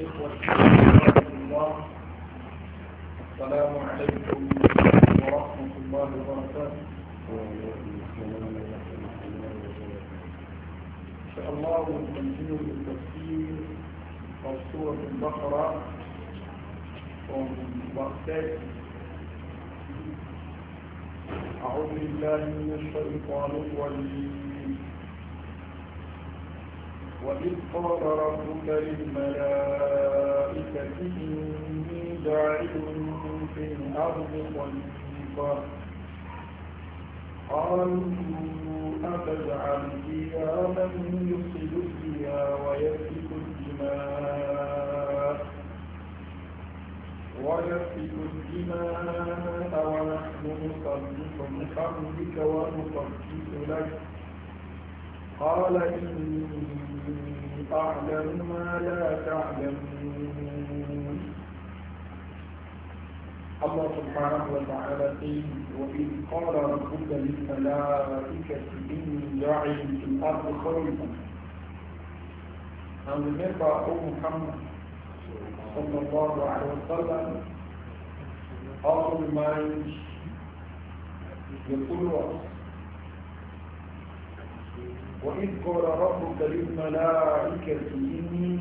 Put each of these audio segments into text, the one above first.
السلام عليكم ورحمة الله وبركاته إن شاء الله نكمل التفسير of سوره البقره baqarah from أعوذ بالله من الشيطان الرجيم وإذ قال ربك للملائكة إني جاعل في الأرض خليفة قالوا أتجعل فيها من يفسد فيها ويسفك الدماء ويسفك الدماء ونحن نصدق بحمدك ونصدق لك قال إني أعلم ما لا تعلمون الله سبحانه وتعالى قيل وإذ قال ربك للملائكة إني جاعل في الأرض خليفة أن المرأة أو محمد صلى الله عليه وسلم أرض المعيش يقول وإذ قال ربك للملائكة إني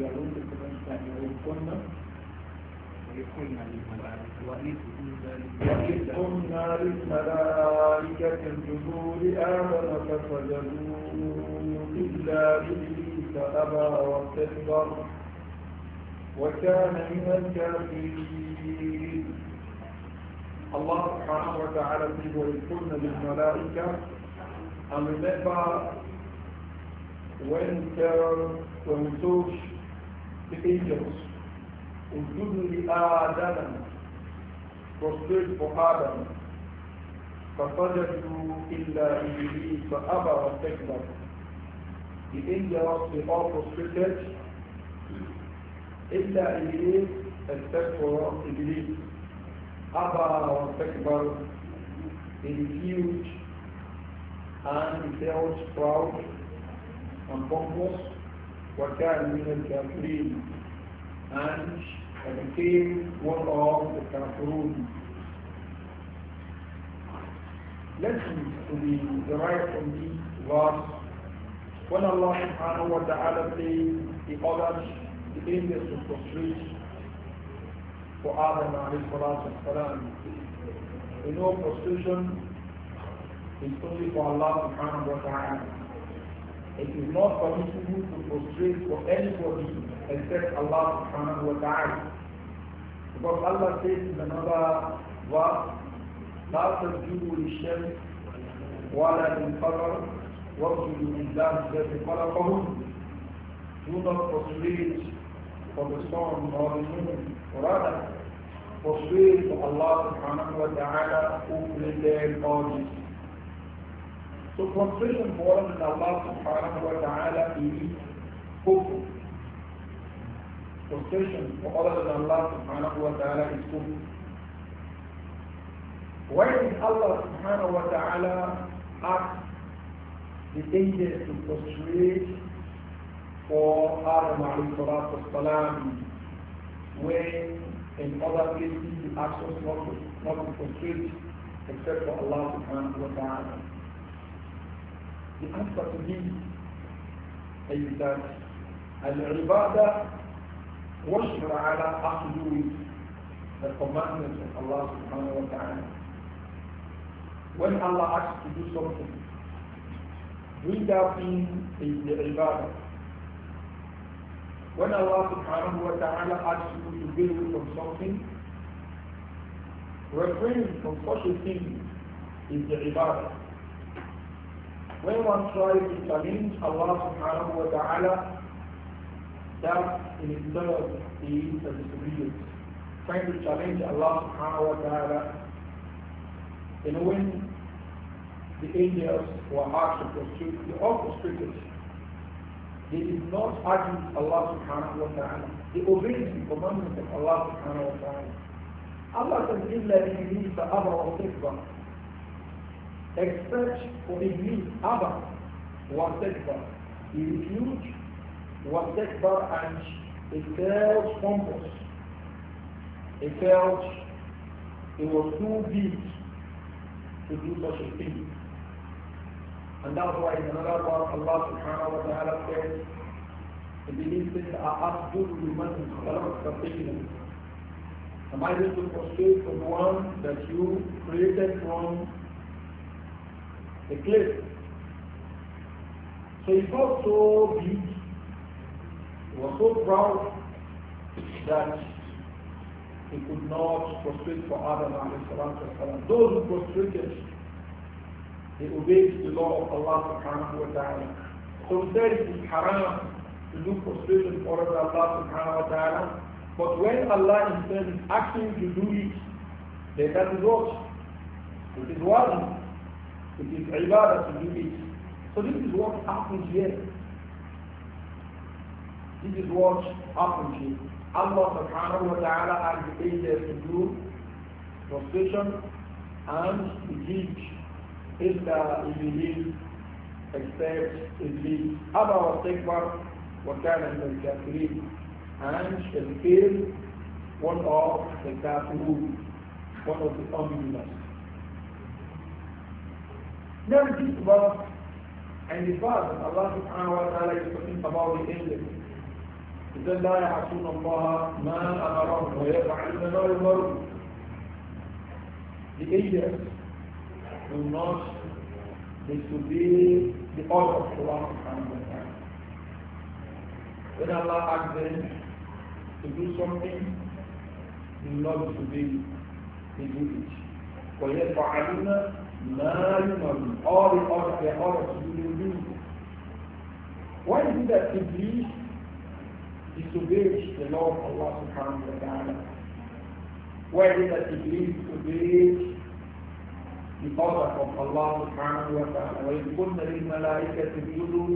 Gracias. وإذ قلنا للملائكة اسجدوا لآدم فسجدوا إلا إبليس أبى واستكبر وكان من الكافرين الله سبحانه وتعالى says وإذ قلنا للملائكة أم remember وإن كان tell when we Ujudu li Adam. Prostrate for Adam. فَصَدَدُوا إِلَّا إِبْلِيسَ أَبَى وَاسْتَكْبَرَ The angels, they all prostrated إِلَّا إِبْلِيسَ except for Iblis. Abba وَاسْتَكْبَرَ He refused and he felt proud and pompous وَكَانَ مِنَ الْكَافِرِينَ and I became one of the Kafirun. Listen to the derived from this verse. When Allah subhanahu wa ta'ala says, He orders the angels to prostrate for Adam alayhi salatu wasalam. We know prostration is only for Allah subhanahu wa ta'ala. It is not permissible to prostrate for anybody except Allah subhanahu wa ta'ala. Because Allah says in another verse, لا تسجدوا للشمس ولا للقمر واسجدوا لله الذي خلقهم Do not persuade for the sun or the moon, rather persuade for Allah subhanahu wa ta'ala who created all this. So prostration for Allah subhanahu wa ta'ala is hopeful. Confession for other than Allah subhanahu wa ta'ala is kufr. Why did Allah subhanahu wa ta'ala ask the angels to prostrate for Adam alayhi salatu salam when in other places He the us not to, not to prostrate except for Allah subhanahu wa ta'ala? The answer to this is that al-ibadah worship of Allah has to do with the commandments of Allah subhanahu wa ta'ala. When Allah asks to do something, doing that in the ibadah. When Allah subhanahu wa ta'ala asks you to be from something, refrain from such a thing is the ibadah. When one tries to challenge Allah subhanahu wa ta'ala that in itself is a disobedience. Trying to challenge Allah subhanahu wa ta'ala. You know, when the angels were asked to prostrate, they all prostrated. They did not argue with Allah subhanahu wa ta'ala. They obeyed the commandments of Allah subhanahu wa ta'ala. Allah says, إِلَّا إِبْلِيسَ أَبَى وَسَكْبَرَ Except for Iblis, Abba, was He refused واستكبر and he felt pompous. He felt it was too big to do such a thing. And that's why in another part Allah subhanahu wa ta'ala says, the belief is أَأَفْدُرُ لِمَنْ خَلَقْتَ طِينًا Am I just to prostrate for one that you created from the clay? So he felt so big he was so proud that he could not prostrate for Adam والسلام. Those who prostrated, they obeyed the law of Allah subhanahu wa ta'ala. So he said it is haram to do prostration for Allah subhanahu wa ta'ala. But when Allah himself is asking to do it, then that is what? It is one. It is ibadah to do it. So this is what happens here. This is what happened Allah subhanahu wa ta'ala has the angels to do prostration and to teach if the believe except the Allah was takbar wa kana min kafirin and shall kill one of the kafirun, one of the unbelievers. Now this about and the fact that Allah subhanahu wa ta'ala is talking about the angels إذا لا يعصون الله ما أمرهم ويفعلون ما يمرون The agents will not disobey the order of Allah When Allah asks them to do something, they will not disobey, the do it. ويفعلون ما يمرون. All the orders, their orders, you will do. Why is it that Iblis disobeys the law of Allah subhanahu wa ta'ala. Why did that Iblis obey the order of Allah subhanahu wa ta'ala? وَإِذْ قُلْنَا لِلْمَلَائِكَةِ اسْجُدُوا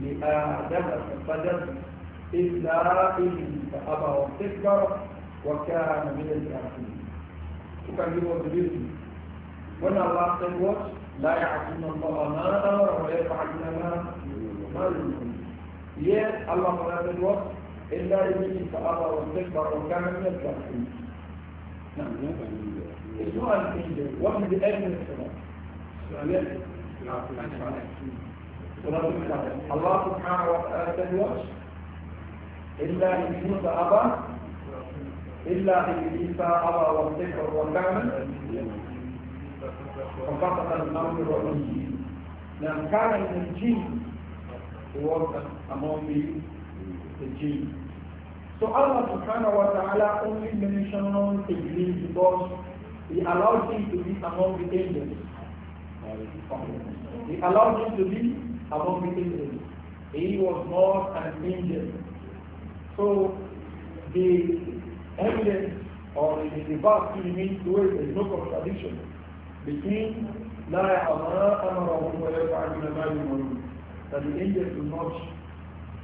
لآدم فسجدوا إلا إبليس أبى واستكبر وكان من الكافرين. تكلموا بإذن. When Allah said what? لا يعصون الله ما أمر ويفعلون ما ما يؤمرون. ليه الله قال الوقت إلا إبليس تأبى واستكبر وكان من الكافرين نعم السؤال الثاني من الله سبحانه وتعالى في الوقت إلا إبليس أبى إلا إبليس أبى والذكر والكامل وقطع الأمر والنهي لأن كان من الجن was among the, the jinn. So Allah subhanahu wa ta'ala only mentioned the jinn because he allowed him to be among the angels. He allowed him to be among the angels. He was not an angel. So the evidence or the debate remains to way there is no contradiction between لا يعلم أمرهم ويفعل ما يؤمرون that the angels do not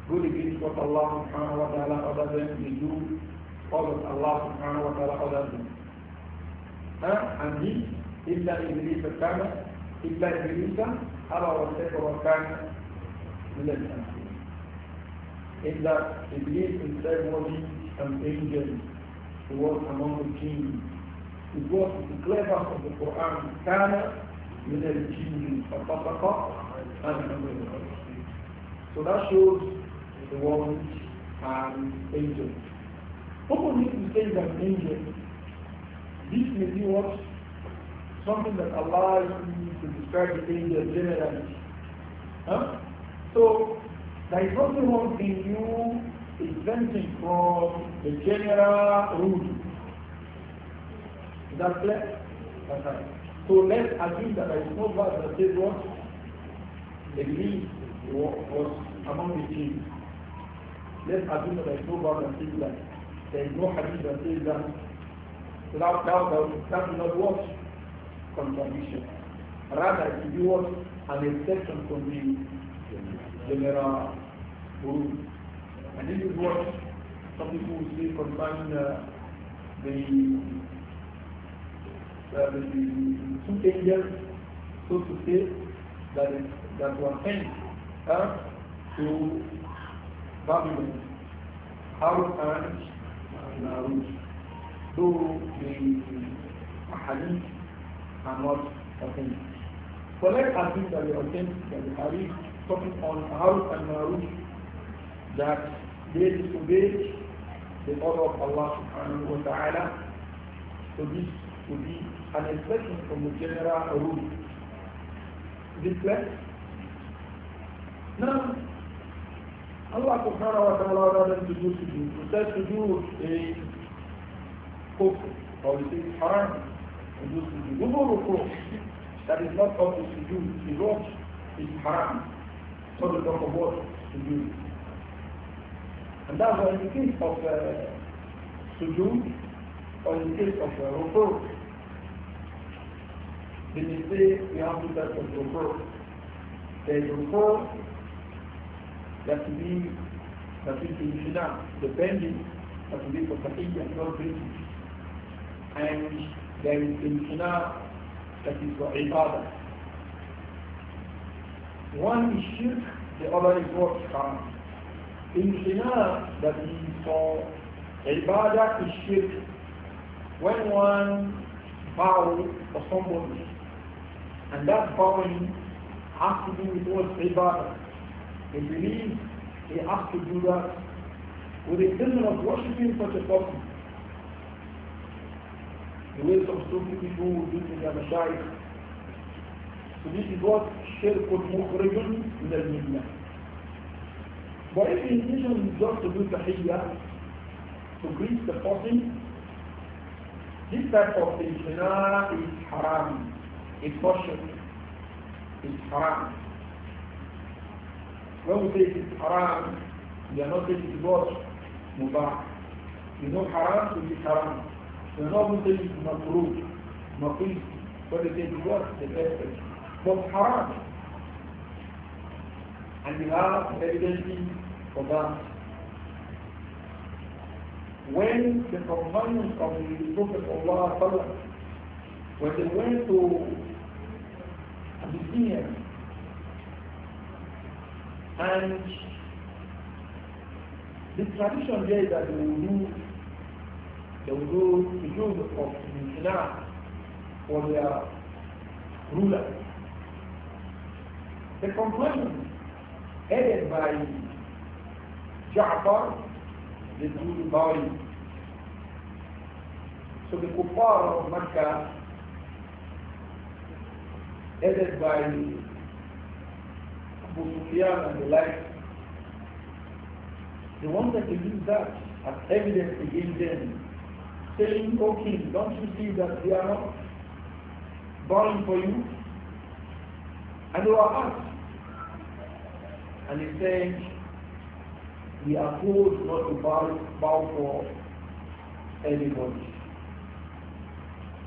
go against what Allah subhanahu wa ta'ala orders them they do all that Allah subhanahu wa ta'ala orders them. Huh? And he, this, إلا إبليس كان إلا إبليس أبى واستكبر وكان من الأمثلين. إلا إبليس himself was an angel who was among the kings. He was the clever of the Quran كان من الجن ففسق that's the number in the country. So that shows the word and angel. Openly to say that angel, this may be what something that allows you to describe the angel generally. Huh? So there is nothing wrong in you exempting from the general rule. Is that clear? That's right. So let's assume that there is no verse that says what a leaf was among the trees. Let's assume that there is no Bible that that. There is no hadith that says that. without doubt that, that, that is not what? Contradiction. Rather, it will An exception from the general rule. And this is what some people will say concerning uh, the, uh, the, the two angels, so to say, that is that were sent uh, to Babylon, Harun and Marut. Though the hadith are not authentic. So let's assume that the authentic, that the hadith talking on Harun and Marut, that they disobeyed the order of Allah subhanahu wa ta'ala. So this would be an expression from the general rule. This place. Now, Allah subhanahu wa ta'ala ordered them to do sujood. He said sujood is kufr, or it is haram to do sujood. Wudu ruku, that is not up to sujood, is what? Is haram. So the talk about sujood. And that's why in the case of uh, sujood, or in the case of uh, ruku, then you say we have two types of ruku. There is ruku that to be that is in Sudan, depending bending that to be for Tahiti and all British. And there is in Sudan that is for Ibadah. One is shirk, the other is what? Haram. In Sudan, that is for Ibadah is shirk. When one bows for somebody, and that bowing has to do with what Ibadah. He believes he has to do that with the intention of worshipping such a person. The way some stupid people will do to their Mashaykh. So this is what Shirk more mukhrijun in the media. But if the intention is just to do tahiyyah, to greet the person, this type of thing is haram. It's not It's haram. When we say it is haram, we are not saying it is what? Mubah. We not haram, it is haram. We are not saying it is makruh, makruh. But they say it is what? The best But haram. And we have evidence for that when the companions of the Prophet Allah when they went to Abyssinia and the tradition there is that they will do they will do the use of Mishnah for their ruler. The complaint headed by Ja'far the Zul Bari. So the Kuffar of Mecca headed by Sufyan and the like. The one that believes that as evidence against them, saying, O king, don't you see that they are not bowing for you? And they were asked. And he said, we are told not to bow, bow for anybody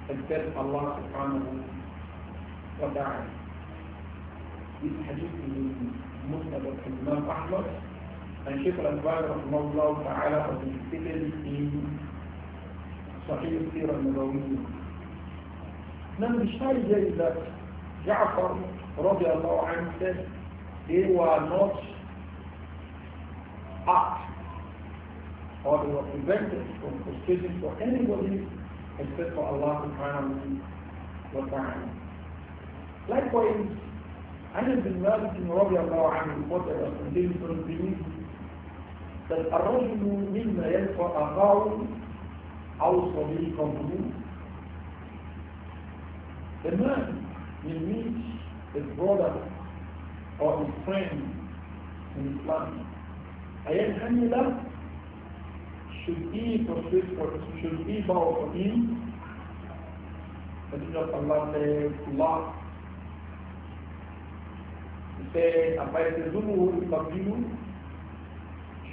except Allah subhanahu wa ta'ala. This hadith is Musnad of Imam Ahmad and Sheikh Al-Anbar Rahmanullah Ta'ala has been stated in Sahih Sirah Nabawiyyah. Now the story that Ja'far radiallahu anhu they were not asked or they were prevented from prostrating for anybody except for Allah subhanahu wa ta'ala. Likewise, أنس بن مالك رضي الله عنه قتل رسول المسلمين الرجل مما يلقى أخاه أو صديقه The man will meet his brother or his friend in Islam. Ayat Hamila should be pursued for should be bow for him. That is what Allah says, Allah the apparently Zubu Kabiru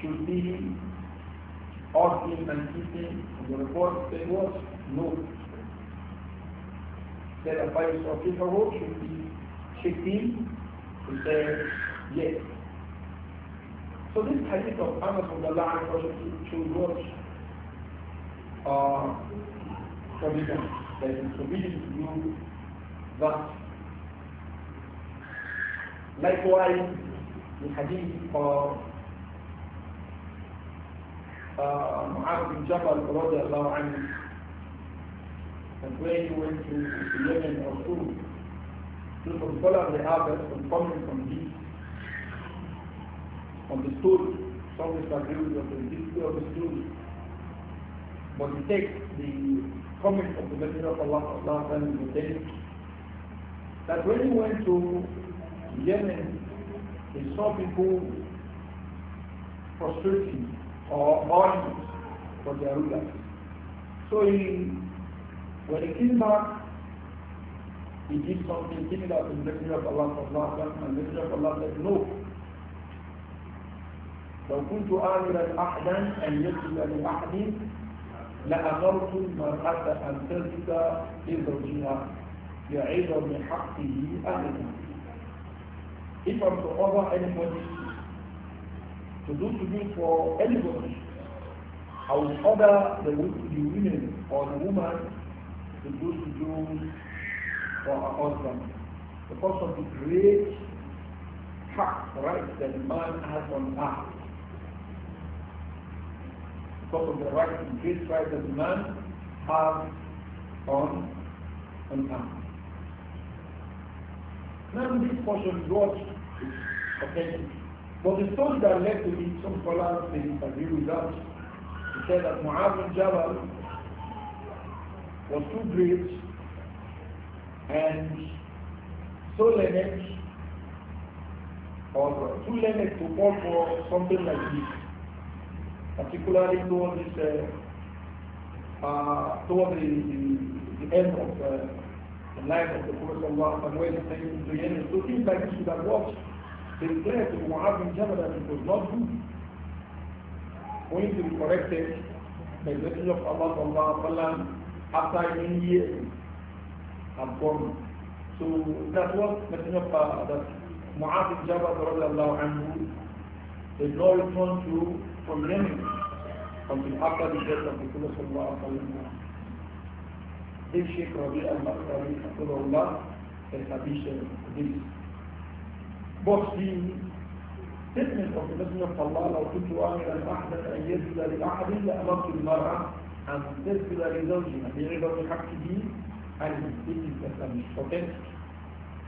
should be off in and keeping the report they what? No. the apparently Sofifaho should be shaking to say yes. So this hadith of Anas of the Lion should what? Uh, commitment. That is forbidden to do that Likewise, the hadith of uh, Mu'adh bin Jabal radiallahu anhu, and when he went to Yemen or Sulu, to follow the they have that from coming from this, from the story, some disagree with the history of the story, but the text, the comment of the Messenger of Allah, Allah, and the text, that when he went to Yemen, they saw people forsøgning or mourning for their rulers. So he, when he came back, he did something similar to the Messenger of Allah sallallahu alaihi wasallam. The Messenger of Allah said, "No, لو كنت آمرا أحدا أن يسجد لأحد لأمرت المرأة أن تسجد لزوجها لعظم حقه أهلا If I'm to order anybody to do to do for anybody, I will order the, the women or the woman to do to do for her husband. Because of the great hak, right, that the man has on her. Because of the right, the great right that the man has on on Now this portion is what Okay? But the story that led to it, some scholars they disagree with that. He said that Mu'adh bin Jabal was too great and so learned or too learned to call for something like this, particularly towards this, uh, uh, toward the, the, the, end of uh, the life of the Prophet and where the things to the end. So things like this should have watched the regret of Mu'adh bin Jabal that it was not good going to be corrected by the Messenger of Allah sallallahu wa wasallam after many years and gone. So that was Messenger of Allah that Mu'adh bin Jabal radiallahu anhu did not return from Yemen until after the death of the Prophet sallallahu alaihi wasallam. This Sheikh Rabi al-Makhari, Abdullah, established this. But the statement of the Messenger of Allah, لو كنت آمرا أحدا أن يسجد لأحد لأمرت المرأة أن تسجد لزوجها بعبر حقه عليه. This is the Islamic context.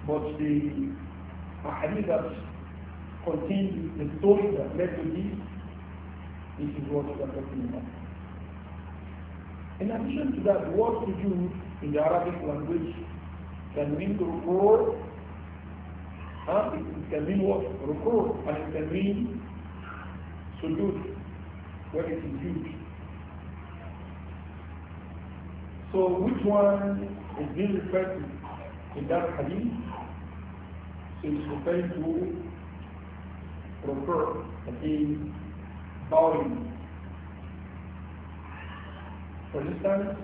But the hadith that contains the story that led to this, this is what we are talking about. In addition to that, what to do in the Arabic language can mean to go Huh? It can mean what? Rukur. And it can mean sujood. When it is huge. So which one is being referred to in that hadith? So it's referring to rukur. That is bowing. For instance,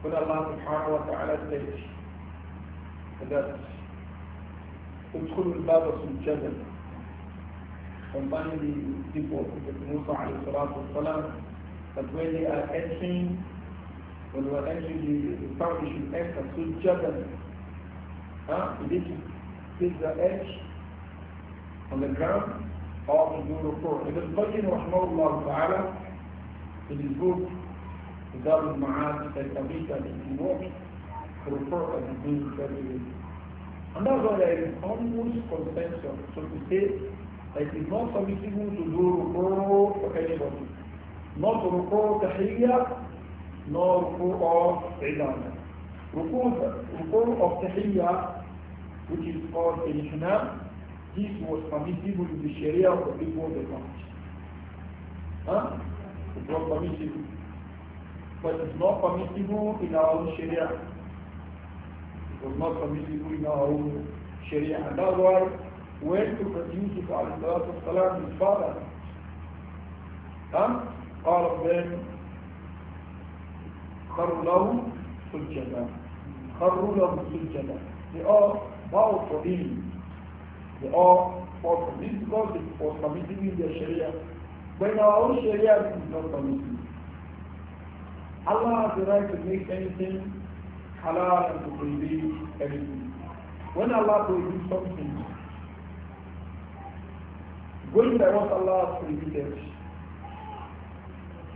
when Allah subhanahu wa ta'ala says that ادخلوا الباب سجدا combining the people of Prophet Musa alayhi salatu that when they are entering when they are entering the, the town they should enter sujjadan huh? they should the edge on the ground or to do rukur Ibn Qayyim rahmahullah ta'ala in his book Zadul Ma'ad said Abita that he walked rukur as he did every day and that's why there is almost consensus. So to say that it is not permissible to do ruku for anybody. Not ruku tahiyya, nor ruku of ibadah. Ruku, ruku of tahiyya, which is called al this was permissible in the Sharia of the people of the country. Huh? It was permissible. But it's not permissible in our Sharia not permissible in our own Sharia. And that's why when to produce the salam his father, huh? all of them خروا له سجدا خروا له سجدا They all bowed for him. They all fought for this because it was committing in their Sharia. But our Sharia, is not permitted. Allah has the right to make anything Allah and to prohibit anything. When Allah prohibits something, going by what Allah has prohibited,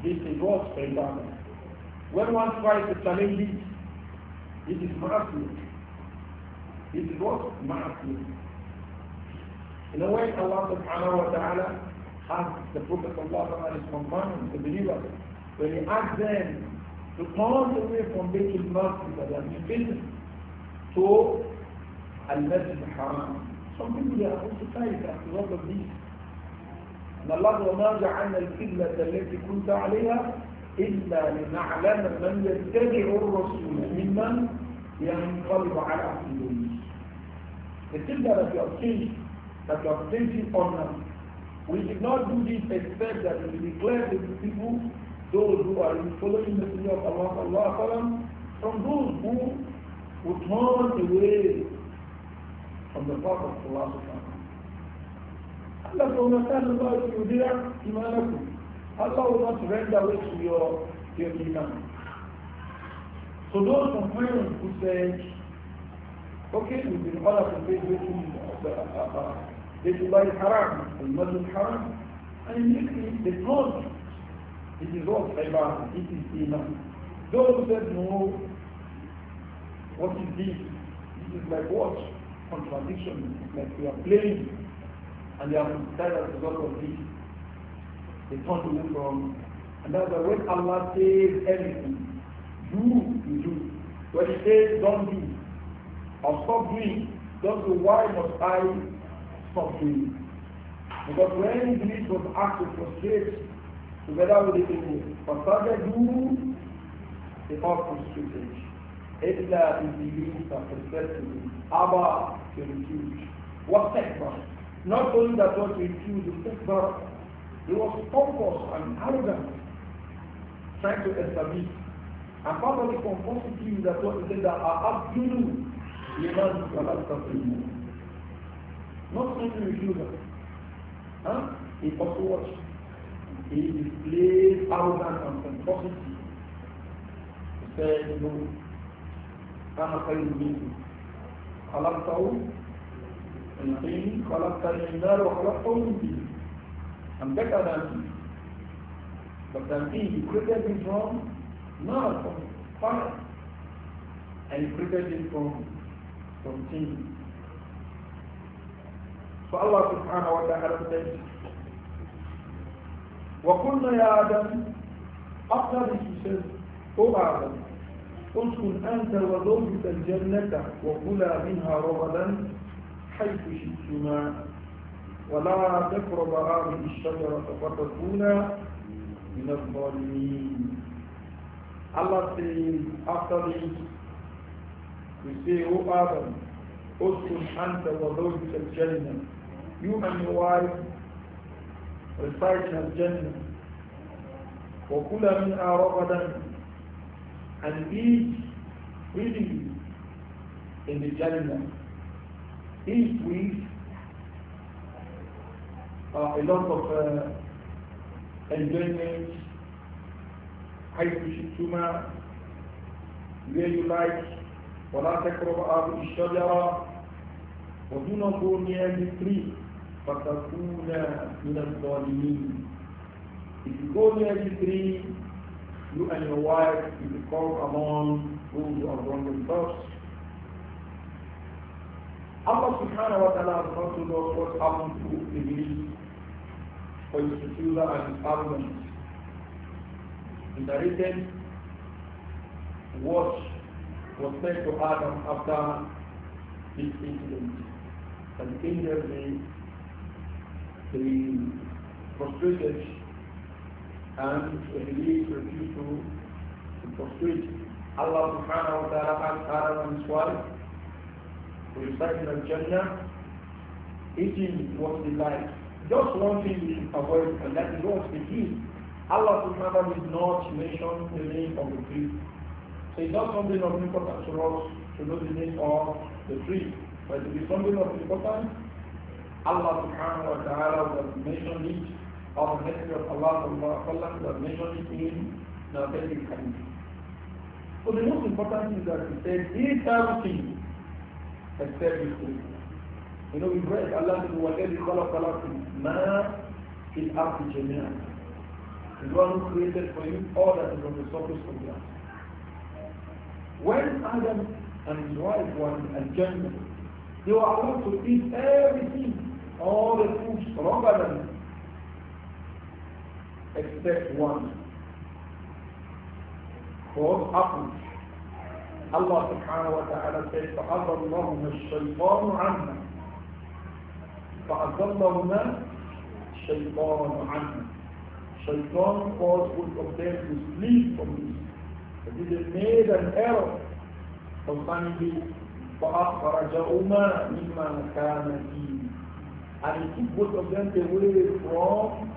this is what example, When one tries to challenge it, it is massive. It is what? massive. In a way, Allah subhanahu wa ta'ala asked the Prophet Allah is companion, the believers, when he asked them to part away from Bayt al-Maqdis and to Al-Masjid haram Some people are also tired a all of this. أن الله وما جعلنا القبلة التي كنت عليها إلا لنعلم من يتبع الرسول ممن ينقلب على عقله. The qibla that you are changed, that you are changing on us, we did not do this except that we declared to the people those who are following the Messenger of Allah, Allah from those who would turn away from the path of Allah subhanahu Allah will not tell Allah if you do that, imanakum. Allah will not render away to your, your iman. So those companions who say, okay, we've been all up in faith with Bayt al-Haram, the Muslim uh, uh, uh, haram and immediately they told it is what? Ibadah. It is Iman. Those that know what is this? This is like what? Contradiction. It's like we are playing and they are tired of a result of this. They turn to you from and that's why way Allah says everything, do you do. When he says don't do or stop doing, don't do why must I stop doing? Because when this was asked to frustrate together with the people. فَصَدَدُوا the offering suited. إِلَّا إِبْلِيسَ فَسَتُوا Abba to refuse. وَاسْتَكْبَرَ Not only that what refused, istikbar, he was focused and arrogant, trying to establish. And part of the pomposity is that what he said that are abdulu liman salatafim. Not only refusal. Huh? He also watched. He displays arrogance and pomposity. He said, No, أنا خير منه. خلقته من طين خلقتني من نار وخلقته من طين. I'm better than him. But than he created him from not from fire. And he created him from from things. So Allah subhanahu wa ta'ala says, وقلنا يا آدم after this he آدم اسكن أنت وزوجك الجنة وكلا منها رغدا حيث شئتما ولا تقرب هذه الشجرة فتكونا من الظالمين الله سيد after this we آدم اسكن أنت وزوجك الجنة يوم and recite Al-Jannah, وَكُلَ مِنْهَا رَغَدًا And eat freely in the Jannah. Eat with uh, a lot of uh, enjoyment, حيث where you like, وَلَا تَكْرَبْ أَرْضِ الشَّجَرَةِ not go near the tree. فَتَكُونَ مِنَ الظَّالِمِينَ If you go near the three, you and your wife will become among those who have wronged themselves. Allah subhanahu wa ta'ala has not told us what happened to Iblis for his refusal and his arrogance. In the written, what was said to Adam after this incident, and angels the prostrated and he refused to, to prostrate. Allah subhanahu wa ta'ala asked Adam and his wife to recite the Jannah, eating what they like. Just one thing we avoid, and that is what they eat. Allah subhanahu wa ta'ala did not mention the name of the tree. So it's not something of importance to us to know the name of the tree, but it is something of importance Allah subhanahu wa ta'ala was the Messenger of Allah sallallahu alayhi wa sallam was mentioned in the Authentic Hadith. So the most important thing that he said is everything except this thing. You know, we read Allah says, وَالَّذِي خَلَقَ لَكُمْ مَا فِي الْأَرْضِ جَمِيعًا He's one who created for you all that is on the surface of the earth. When Adam and his wife were in al they were allowed to eat everything all the proofs stronger than except one. Called Apple. Allah subhanahu wa ta'ala says, فَأَضَى اللَّهُمَ الشَّيْطَانُ عَنَّا فَأَضَلَّهُمَا الشَّيْطَانُ عَنَّا Shaitan caused both of them to sleep from me. But they made an error concerning this. فَأَخْرَجَهُمَا مِمَّا كَانَ فِيهِ and it took both of them away from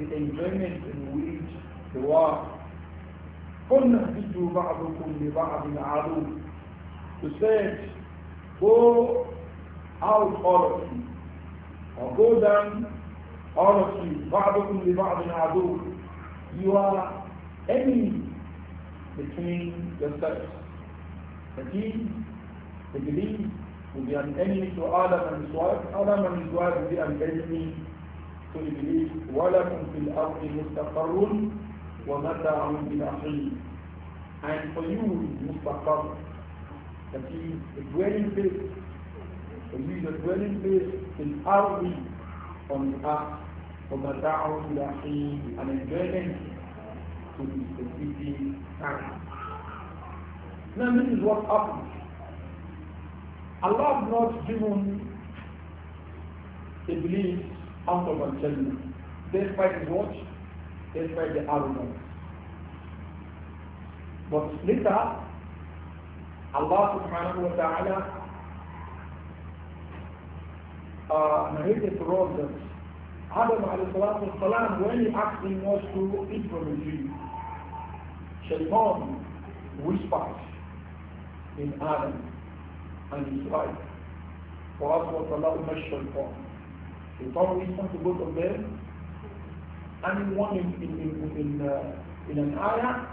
the enjoyment in which they were. To اهبطوا بعضكم لبعض عدو. We said, go out all of you, or go down all of you, بعضكم لبعض عدو. You are enemies between yourselves. The That is, the belief be an enemy to Adam and his wife, Adam and his wife be an enemy to Iblis. وَلَكُمْ فِي الْأَرْضِ And for you, مُسْتَقَرٌ That is the dwelling place. For you, the dwelling place in Ardi on the earth. وَمَتَاعٌ إِلَى An enjoyment to the city. time. Now this is what happens. Allah has not given Iblis out of Al-Jannah, despite his watch, despite the arrogance. But later, Allah subhanahu wa ta'ala uh, narrated to us that Adam والسلام, when he asked him what to eat from the tree, Shaitan whispered in Adam, and his wife. For us, what Allah mentioned for. Shaitan listened to both of them. And in one in, in, in, in, uh, in an ayah,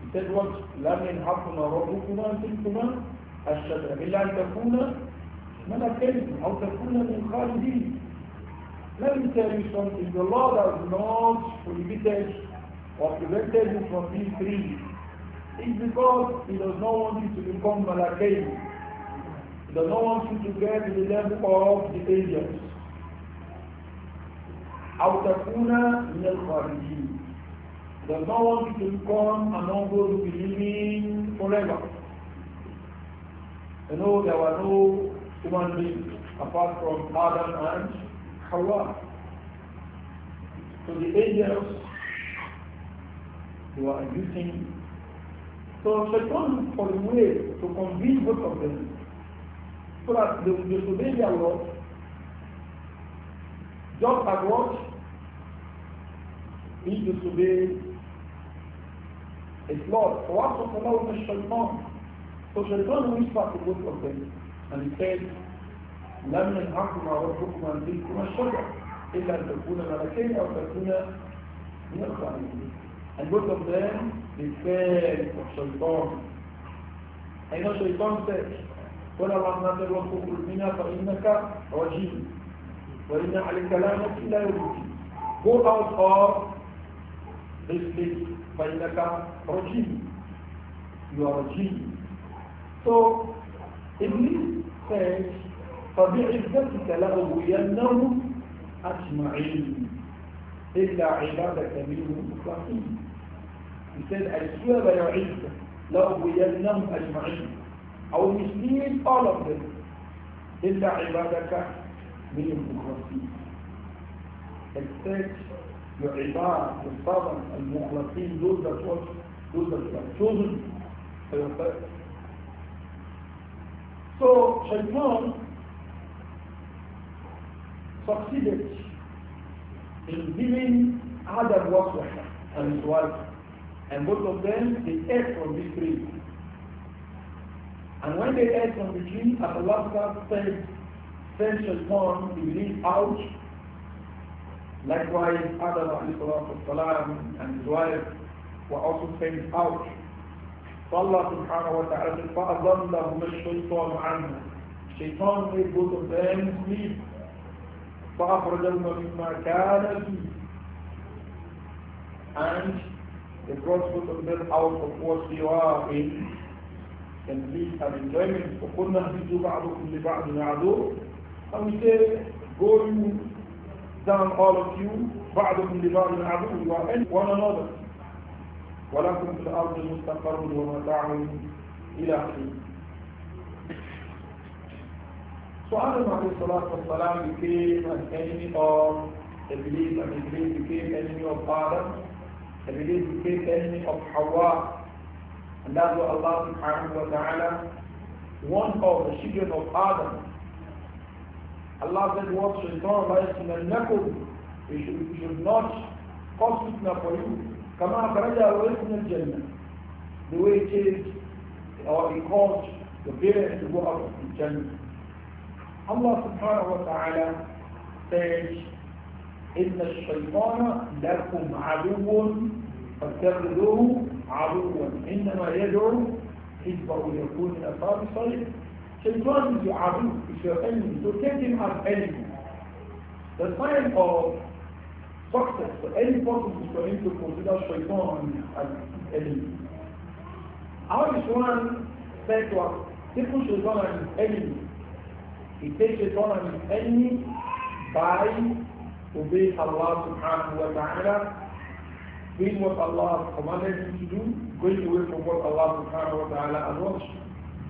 he said what? لَمْ يَنْحَقُنَا رَبُّكُمَا تِلْكُمَا أَشْهَدَ إِلَّا أَنْ تَكُونَ مَلَكَيْنِ أَوْ تَكُونَ مِنْ خَالِدِينَ Let me tell you something. The Lord has not prohibited or prevented you from being free. It's because He does not want you to become Malakai does not want you to get to the level of the angels. Autakuna min al-Kharijin does not want you to become and those who believe in forever. You know, there were no human beings apart from Adam and Hawa. So the angels, they were using. So Shaitan looked for a way to convince both of them so that they will disobey their just as what he disobeyed his Lord. So what was allowed the Shaitan? So Shaitan whispered the both of them, and he said, لم ينهكما ربكما عن تلكما الشجرة إلا أن تكونا ملكين أو تكونا من الخالدين. And both of them, they said of Shaitan. I know Shaitan said, ولو عمت الوقوف منا فإنك رجيم وإن عليك لا إلى يوم الدين Go out of this place فإنك رجيم You are رجيم So Iblis says فبعزتك لأغوينهم أجمعين إلا عبادك منهم مخلصين. He said I swear by your عزة لأغوينهم أجمعين I will mislead all of them. إلا عبادك من المخلصين. Except your عباد, your servant, المخلصين, those that watch, those that were chosen for So Shaitan succeeded in giving Adam what and his wife, and both of them they ate from this tree. And when they ate from the tree, at said, last God said, sent Shaitan Iblis out. Likewise, Adam والسلام, and his wife were also sent out. So Allah subhanahu wa ta'ala said, فَأَضَلَّهُمَ الشَّيْطَانُ عَنْهُ Shaitan made both of them sleep. the مِمَّا كَانَ فِيهِ And they brought both of them out of what they are in. كان ليه قبل جامل وكنا نفيدوا بعضه كل بعض نعدو قام يتير قولوا down all of you بعضكم لبعض نعدو وان وانا نظر ولكم في الأرض المستقر ومتاعهم إلى حين سؤال مع الصلاة والسلام became an enemy of ابليس ابليس Iblis became enemy of ابليس Iblis became enemy of And that's what Allah subhanahu wa ta'ala warned of the children of Adam. Allah said, what shaitan layasunannakum, the should, we should not cause fitna for you. Kama akhraja away from the Jannah. The way it is, or it caused the parents to go out of the Jannah. Allah subhanahu wa ta'ala says, إن الشيطان لكم عدو فاتخذوه عدوا إنما يدعو حزبه ليكون من أصحاب الصالح Shaitan is your adu, is your enemy, so take him as enemy. The sign of success for any person is for him to consider Shaitan as enemy. How is one said to us, people Shaitan as his enemy. He takes Shaitan as his enemy by obeying Allah subhanahu wa ta'ala doing what Allah has commanded you to do, going away from what Allah subhanahu wa ta'ala has watched.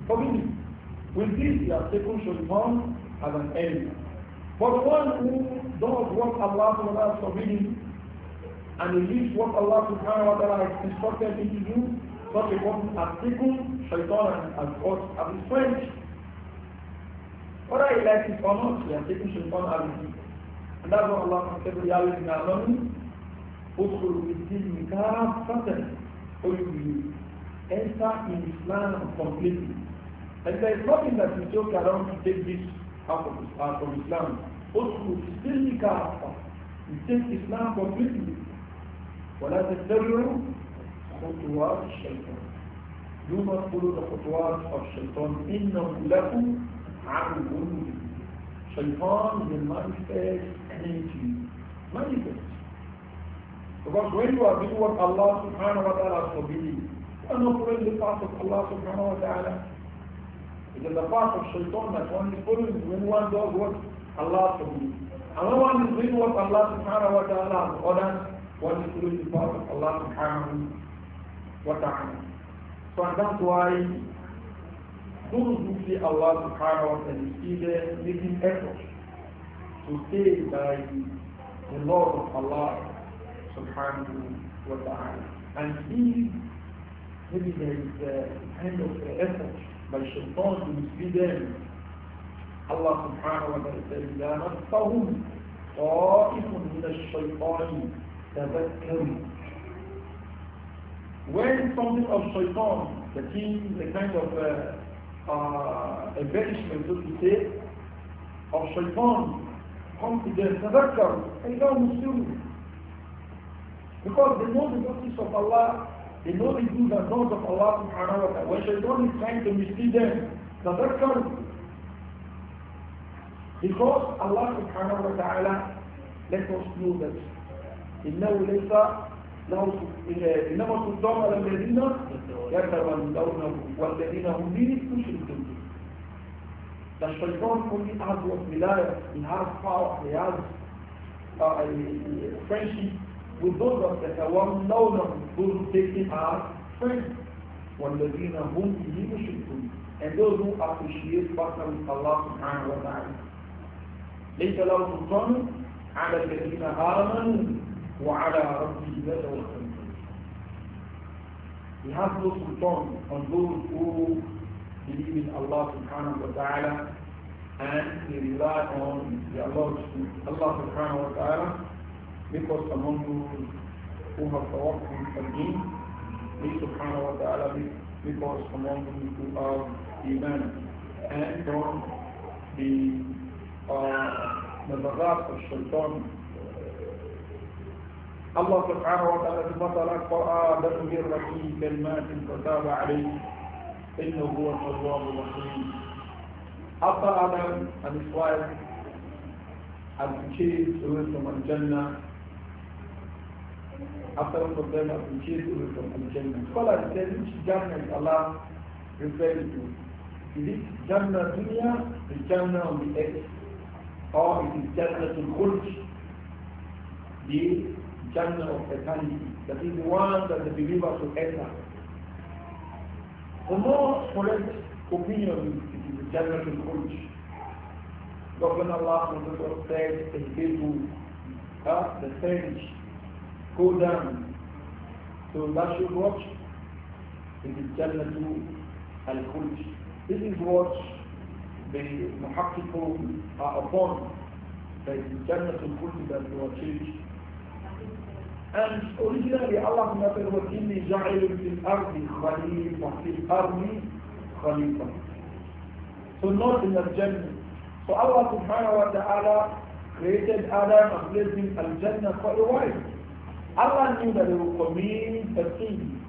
For me, with this you have taken shaitan as an enemy. But one who does what Allah subhanahu wa ta'ala has forbidden and leaves what Allah subhanahu wa ta'ala has instructed him to do, such a person has taken shaitan as God as his friend. Whether he likes it or not, he has taken shaitan as his And that's what Allah has said, to the ادخلوا في الدين كافة قل enter Islam completely. And there is nothing that you joke around to take this out of uh, from Islam. ادخلوا still الدين كافة You take Islam completely. ولا تتبعوا خطوات الشيطان. Do not follow the خطوات of shaitan. Inna لكم عدو Shaitan is a manifest entity. Manifest. Because when you are doing what Allah subhanahu wa ta'ala has forbidden, you are not following the path of Allah subhanahu wa ta'ala. It is the path of shaitan that one is following when one does what Allah forbidden. And when one is doing what Allah subhanahu wa ta'ala has ordered, one is following the path of Allah subhanahu wa ta'ala. So and that's why those who see Allah subhanahu wa ta'ala is either making effort to stay by the law of Allah subhanahu wa And these, maybe there is a kind of effort by shaitan to mislead them. Allah subhanahu wa ta'ala says, إِذَا مَسَّهُمْ طَائِفٌ مِنَ الشَّيْطَانِ تَذَكَّرُوا When something of shaitan, that is a kind of uh, uh, embellishment, so to say, of shaitan, comes to them, تَذَكَّرُوا أَيْهَا مُسْلِمُونَ because they know the justice of Allah, they know the do's and don'ts of Allah subhanahu wa ta'ala. When shaitan is trying to mislead them, now that's current. Because Allah subhanahu wa ta'ala let us know that إنه ليس له إنما سلطان على الذين يتولونه والذين هم به مشركون The shaitan only has what wilaya, he has power, he has uh, friendship with those of the تَتَوَلَّوْنَهُمْ Those who take him are friends. وَالَّذِينَ هُمْ إِلِي مُشْرِكُونَ And those who appreciate partner with Allah subhanahu wa ta'ala. لَيْسَ لَهُ سُلْطَانٌ عَلَى الَّذِينَ آمَنُوا وَعَلَى رَبِّهِ يَتَوَكَّلُونَ He has no sultan on those who believe in Allah subhanahu wa ta'ala and they rely on their Lord, Allah subhanahu wa ta'ala because among those who have talked tawakkul from Him, He subhanahu wa ta'ala, because among those who have Iman and from the nazarat uh, of shaitan. الله سبحانه وتعالى مثل فآدم بالرحيم كلمات فتاب عليه إنه هو التواب الرحيم After Adam and his wife had achieved the wisdom the Jannah, after all of them have been chased away from Al-Jannah. Scholars say which Jannah is Allah referring to? Is it Jannah Dunya, the Jannah on the earth? Or is it Jannah to Khulj, the Jannah of eternity? That is the one that the believers will enter. The more correct opinion is the Jannah to Khulj. But when Allah said, the people, uh, the saints, go down. to that should what? It is Jannatu al Khulj. This is what the Muhakkikun are upon. That it is Jannatul Khulj that are achieve. And originally Allah Ta'ala was إِنِّي جَعِلٌ فِي الْأَرْضِ خَلِيفَةً فِي الْأَرْضِ So not in the Jannah. So Allah Subhanahu wa Ta'ala created Adam and placed him Al-Jannah for a wife. Allah knew that they would commit a sin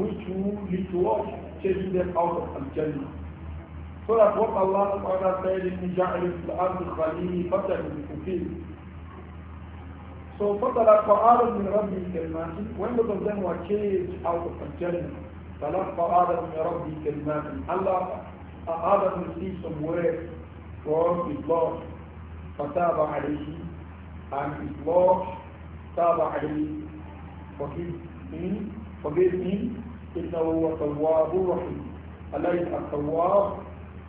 which would lead to what? Chasing them out of Al-Jannah. So that what Allah Ta'ala said in Ja'il al-Ardi Khalili Fatah is fulfilled. So فَطَلَقَ آدَمْ مِنْ رَبِّهِ كَلِمَاتٍ When both of them were chased out of Al-Jannah, فَلَقَ آدَمْ مِنْ رَبِّهِ كَلِمَاتٍ Allah, uh, Adam received some words from his Lord, فَتَابَ عَلَيْهِ And his Lord تاب عليه forgive him, forgive him, إِنَّهُ وَتَوَّابُ رَحِيمٌ Allah is at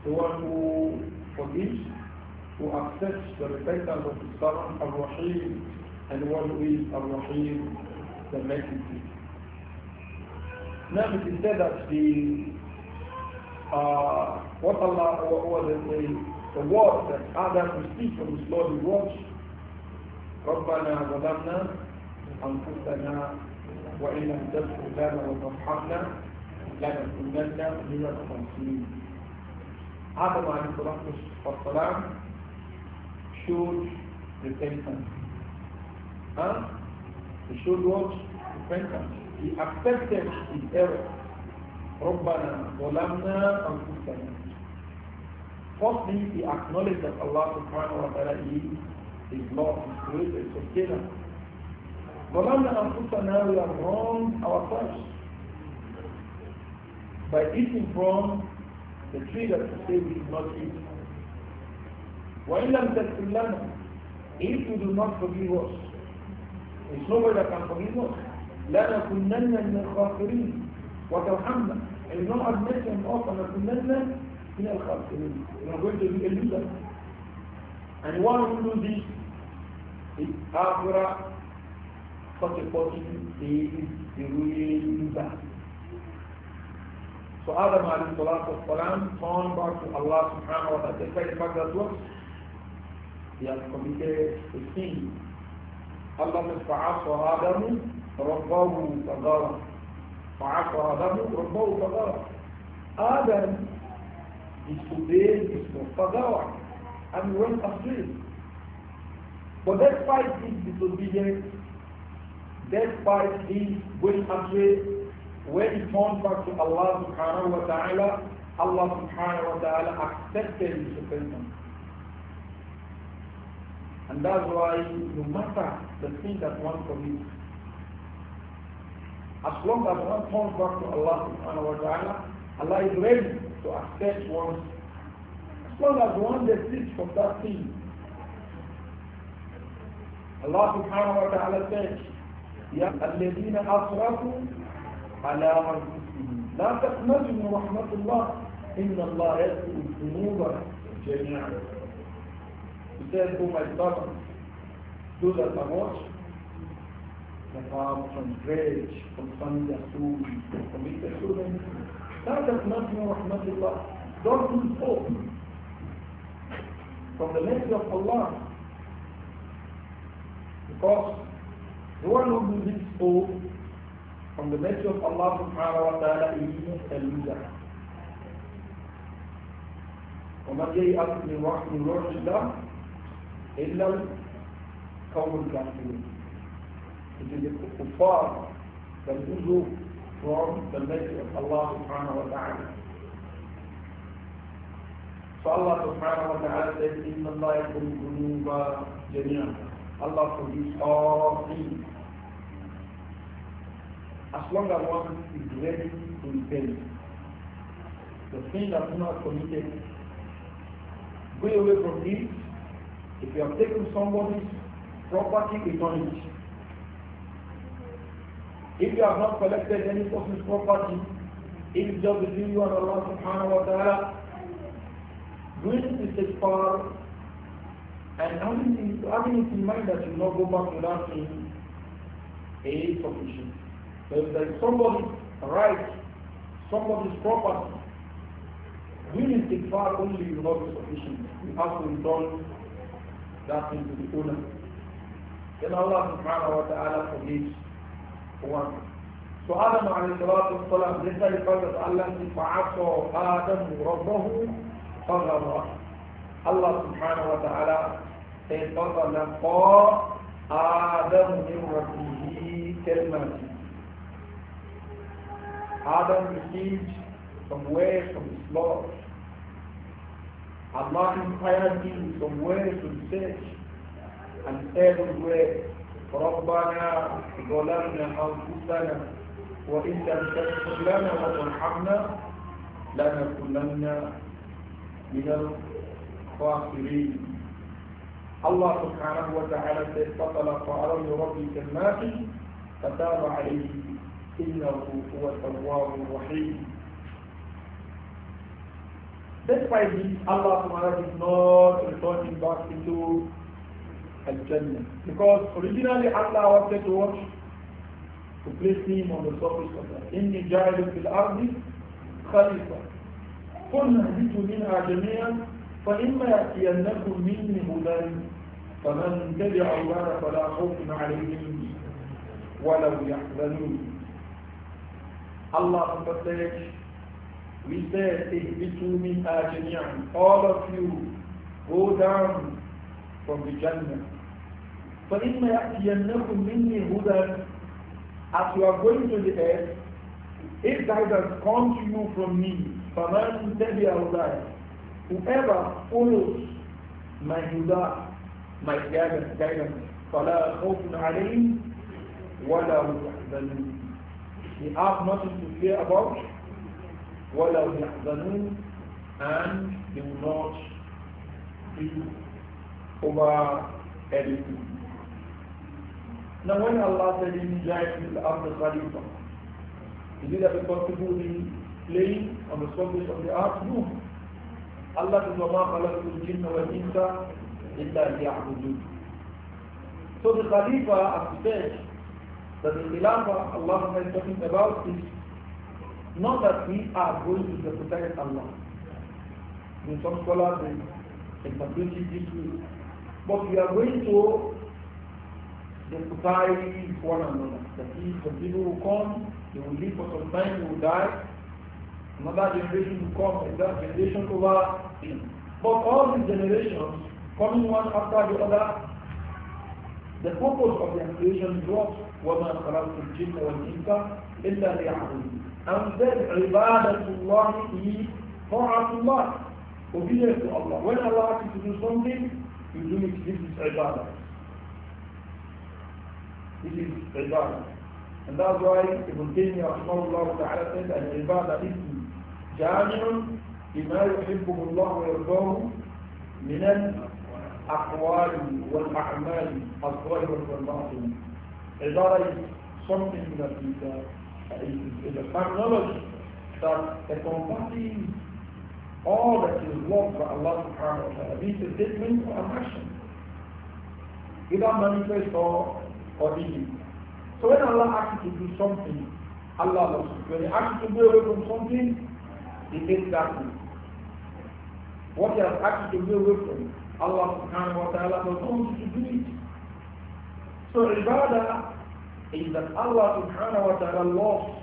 the one who forgives, who accepts the repentance of the servant, of rahim and one who is Ar-Rahim, the merciful. Now it is said that the uh, what Allah, what, the, word that Adam received from his Lord was ربنا ظلمنا أنفسنا وإن لم تذكر لنا وترحمنا لنكوننا من الخاسرين هذا معنى رحمة والسلام شوز ريبنتنس ها؟ He should watch repentance. He accepted his error. ربنا ظلمنا أنفسنا. Firstly, he acknowledged that Allah subhanahu wa ta'ala is is not is it's a sustainer. But man and Kusana, we have wronged ourselves by eating from the tree that we say we should not eat. وَإِلَّمْ تَكْفِرْ لَنَا If you do not forgive us, it's nobody that can forgive us. لَنَكُنَّنَّ مِنَ الْخَاسِرِينَ وَتَرْحَمْنَا If no one makes an offer, لَنَكُنَّنَّ مِنَ الْخَاسِرِينَ We are going to be a loser. And why who do this the Abra such a person is the ruling back. So Adam alayhi salatu wasalam turned back to Allah subhanahu wa ta'ala despite the fact that what? He has committed a sin. Allah says, فَعَصَى آدَمُ رَبَّهُ فَغَوَى فَعَصَى آدَمُ رَبَّهُ فَغَوَى Adam disobeyed his Lord. فَغَوَى and went astray. But despite his disobedience, despite his going astray, when he turned back to Allah subhanahu wa ta'ala, Allah subhanahu wa ta'ala accepted his repentance. And that's why no matter the sin that one commits, as long as one turns back to Allah subhanahu wa ta'ala, Allah is ready to accept one. As long as one desists from that sin, الله سبحانه وتعالى says يا الذين أسرفوا على أنفسهم لا تقنطوا من رحمة الله إن الله يغفر الذنوب جميعا He says, O my servants, those that are watched, that are transgressed, concerning their souls, commit Don't lose hope from the mercy of Allah Because the one who loses hope from the mercy of Allah subhanahu wa ta'ala is a loser. ومن ييأس من رحم روح الله إلا القوم الكافرون. It is the kuffar that lose from the mercy of Allah subhanahu wa ta'ala. So Allah subhanahu wa ta'ala says, إِنَّ اللَّهَ يَقُمْ ذُنُوبَ جَمِيعًا Allah forgives all things. As long as one is ready to repent, the sin that you have committed, go away from it. If you have taken somebody's property, return it. If you have not collected any person's property, it is just between you and Allah subhanahu wa ta'ala. Doing this is far and having it, having it in mind that you not go back to that thing is sufficient. So if there is somebody's right, somebody's property, doing it far only will not be sufficient. You have to return that thing to the owner. Then Allah subhanahu wa ta'ala forgives one. So Adam alayhi salatu wasalam, this is the fact that Allah said, فَعَصَى آدَمُ رَبَّهُ فَغَرَى Allah subhanahu wa ta'ala فانطلقا آدم من ربه كلمة Adam received some words from his Lord. Allah inspired him some words to search and said those words, ربنا ظلمنا أنفسنا وإن لم تغفر لنا وترحمنا لنكونن من الخاسرين الله سبحانه وتعالى فطلق عليه ربي كالماء فتاب عليه إنه هو التواب الرحيم Despite this, Allah subhanahu is not returning back into Al-Jannah. Because originally Allah wanted to watch, to place him on the surface of the earth. إِنِّي جَعِلُ فِي الْأَرْضِ خَلِفَةً قُلْ اهْبِطُوا مِنْهَا جَمِيعًا فَإِمَّا يَأْتِيَنَّكُمْ مِنِّي هُدًى فمن تبع الله فلا خوف عليهم ولو يحزنون الله protects. We said, Ihbitu min ajamiyan. All of you, go down from the Jannah. فَإِنَّ يَأْتِيَنَّكُمْ مِنِّي هُدًى As you are going to the earth, if guidance comes to you from me, فَمَنْ تَبِعَ اللَّهِ Whoever follows my huda, my guidance, guidance. فَلَا خَوْفٌ عَلَيْهِمْ وَلَا يَحْزَنُونَ They have nothing to fear about وَلَا يَحْزَنُونَ and they will not be over anything. Now when Allah said in the after Khalifa, is it that because to will be playing on the surface of the earth? No. Allah the وَمَا خَلَقْتُ the وَالْإِنسَ so the Khalifa has said that the Khilafah Allah is talking about is not that we are going to deputize Allah. In some scholars they interpret it this But we are going to deputize one another. That is, the people will come, they will live for some time, they will die. Another generation will come, and that generation over him. But all these generations Coming one after the other, the purpose of the creation is what? وَمَا خَلَقْتُ الْجِنَّ وَالْإِنسَ إِلَّا لِيَعْبُدُونِ And then عِبَادَةُ اللَّهِ is طَاعَةُ اللَّهِ Obedience to Allah. When Allah asks you to do something, you do it. This is ibadah. This is ibadah. And that's why Ibn Taymiyyah رحمه الله تعالى said that ibadah اسم جامع لما يحبه الله ويرضاه من الأقوال والأعمال الظاهرة والباطنة عبارة something that is a, uh, is a knowledge that encompasses all that is loved by Allah subhanahu wa ta'ala. This is statement or an action. Either manifest or, or deed. So when Allah asks you to do something, Allah loves you. When He asks you to go away from something, He takes that What He has asked you to go away from, Allah subhanahu wa ta'ala was told to do it. So ibadah is that Allah subhanahu wa ta'ala loves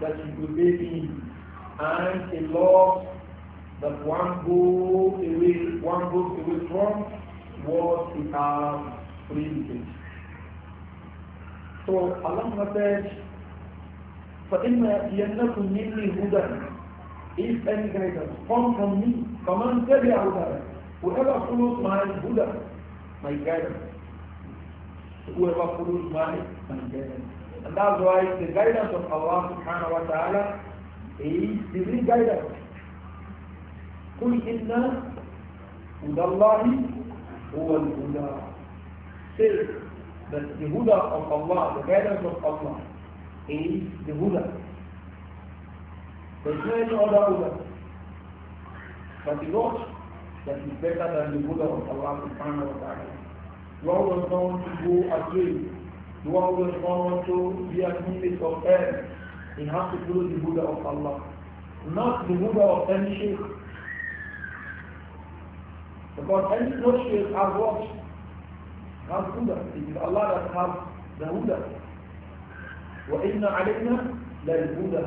that you obey him and he loves that one goes away, one goes away from what he has created. So Allah says, فَإِمَّا يَنَّكُمْ مِنِّي هُدًى If any guidance comes from me, فَمَنْ تَبِعَ هُدَى Whoever follows my Buddha, my guidance. Whoever follows my, my guidance. And that's why the guidance of Allah subhanahu wa ta'ala is the real guidance. قل إن هدى الله هو الهدى. Say that the Huda of Allah, the guidance of Allah, is the Huda. There's no other Huda. But the Lord that is better than the Buddha of Allah subhanahu wa ta'ala. The one was born to go astray. The one was born to be a minister of earth. It has to follow the Buddha of Allah. Not the Buddha of any shaykh. Because any no shaykh has what? Has Buddha. It is Allah that has the Buddha. وإن علينا للهدى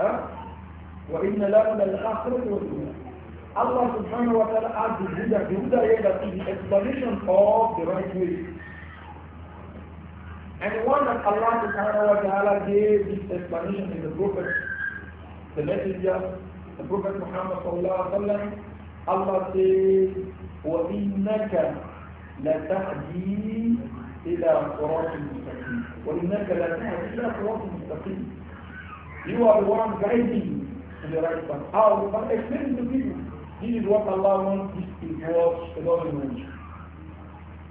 ها وإن لنا الآخرة والدنيا Allah subhanahu wa ta'ala adds the Buddha, the Buddha here that is the explanation of the right way. And the one that Allah subhanahu wa ta'ala gave this explanation is the Prophet, the Messenger, the Prophet Muhammad sallallahu alayhi wa sallam. Allah says, وَإِنَّكَ لَتَحْدِي إِلَى صِرَاطٍ مُسْتَقِيمٍ وَإِنَّكَ لَتَحْدِي إِلَى صِرَاطٍ مُسْتَقِيمٍ You are the one guiding to the right path. How? By explaining to people. This is what Allah wants, this is what the government.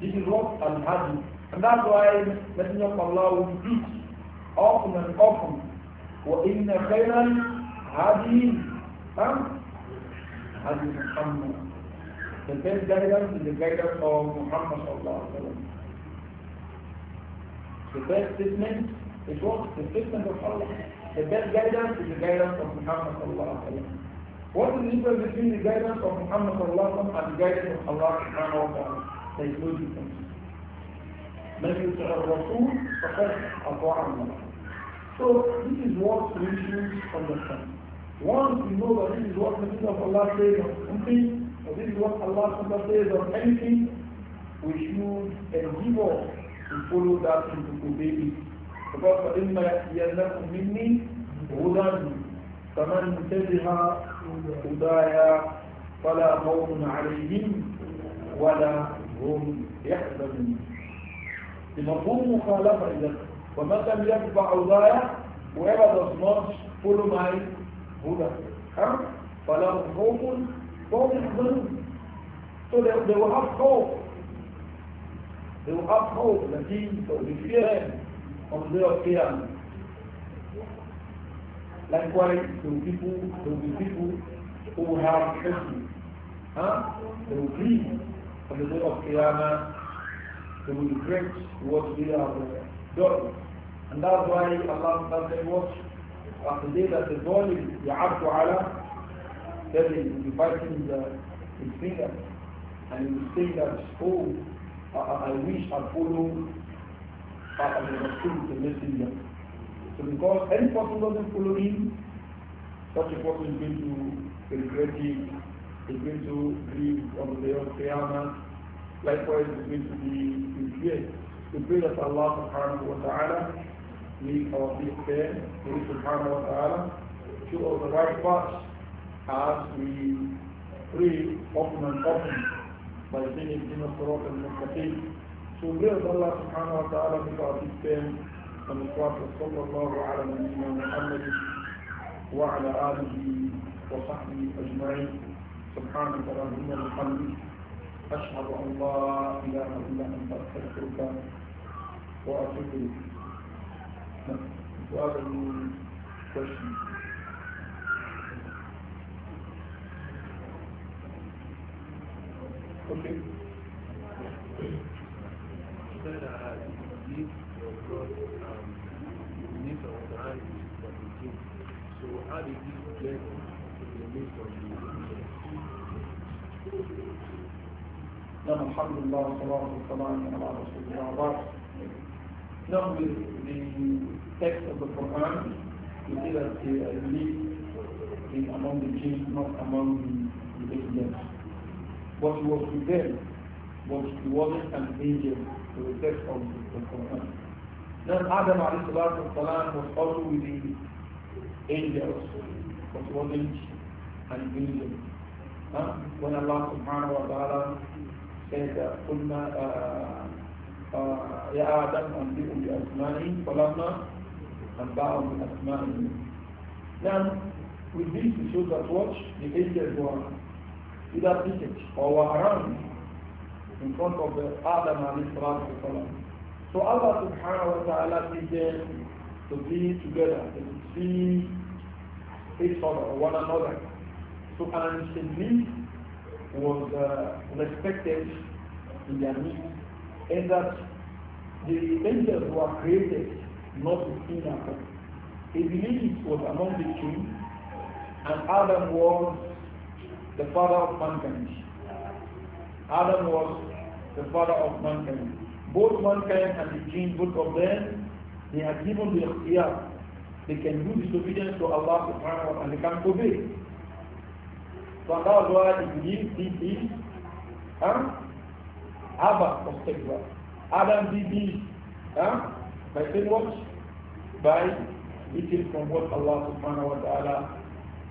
This is what al hadi And that's why Messenger of Allah will repeat often and often, وَإِنَّ خَيْرًا هَدِي أَمْ هَدِي مُحَمَّدٍ The best guidance is the guidance of Muhammad sallallahu alayhi wa sallam. The best statement is what? The statement of Allah. The best guidance is the guidance of Muhammad sallallahu alayhi wa sallam. What is the difference between the guidance of Muhammad sallallahu and the guidance of Allah subhanahu wa ta'ala? There is no difference. من يطع الرسول فقد أطاع الله. So this is what we should understand. Once we know that this is what the Messenger of Allah says on something, or this is what Allah says on anything, we should endeavor to follow that and to obey it. Because فإما يأتينكم مني هدى فمن تبع هدايا فلا خوف عليهم ولا هم يحزنون بمفهوم مخالفة إذا ومن لم يتبع هدايا whoever does not follow my Buddha huh? فلا خوف وهم يحزنون So they, they will have hope. They will have hope that he will fear him on the day of Qiyamah. Likewise, there will, people, there will be people who have husn, huh? they will grieve on the day of Qiyamah, they will regret what they have done. And that's why Allah said what? On the day that the volume, the Abdu Allah, that he will be biting the, his finger and he will say that, oh, I, I wish I follow uh, the Rasul, the messenger. So because any person doesn't follow him, such a person is going to regret it, is going to grieve on the day of Qiyamah. Likewise, is going to be in fear. We pray that Allah subhanahu wa ta'ala make our feet fair, He subhanahu wa ta'ala show us the right path as we pray often and often by saying Ibn Surat al-Mustaqim. So pray that Allah subhanahu wa ta'ala make our feet fair And the Prophet sallallahu Alayhi nabiyyina Muhammad وعلى آله وصحبه أجمعين سبحانك اللهم وبحمدك أشهد أن لا إله إلا أنت أستغفرك وأتوب إليك وهذا الكشف Okay. how did you get the name from the الحمد لله والصلاة والسلام على رسول الله وبعد Now with the text of the Quran, we see that the elite is among the jinn, not among the angels. What he was with them, but he wasn't an angel to the text of the Quran. Then Adam عليه والسلام, was also with the angels, but wasn't an angel. Huh? When Allah subhanahu wa ta'ala said, قُلْنَا يَا آدَمْ أَنْبِئُمْ بِأَسْمَائِهِمْ فَلَمَّا أَنْبَأَهُمْ Asmani." Then, with this, it shows that watch the angels were either seated or were around in front of the Adam and alayhi salatu So Allah subhanahu wa ta'ala did them to be together see each other one another. So and belief was uh, respected in their midst, and that the angels were created not to sin Adam. it was among the two, and Adam was the father of mankind. Adam was the father of mankind. Both mankind and the king, both of them, they had given the ear. They can do disobedience to Allah subhanahu wa ta'ala and they can obey. So that's why they believe this is huh? Abba of Tekwa. Adam did this huh? by saying what? By eating from what Allah subhanahu wa ta'ala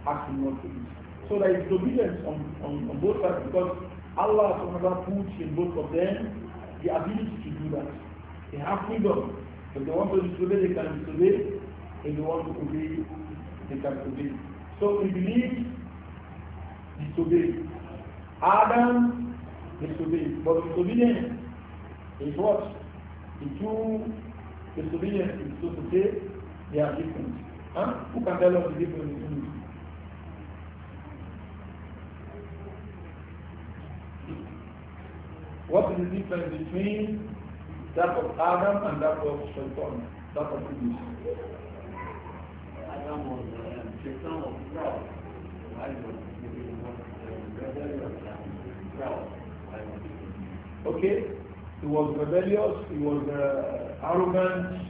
asked him not to eat. So there is obedience on, on, on both sides because Allah subhanahu wa ta'ala puts in both of them the ability to do that. They have freedom. If they want to disobey, they can disobey. If you want to be, they can to be. So we believe disobey. Adam disobeyed. But disobedience is what? The two disobedience is so to say they are different. Huh? Who can tell us the difference between them? What is the difference between that of Adam and that of Shaitan, that of Iblis? some was rebellious crowd. Okay, he was rebellious, he was uh, arrogant.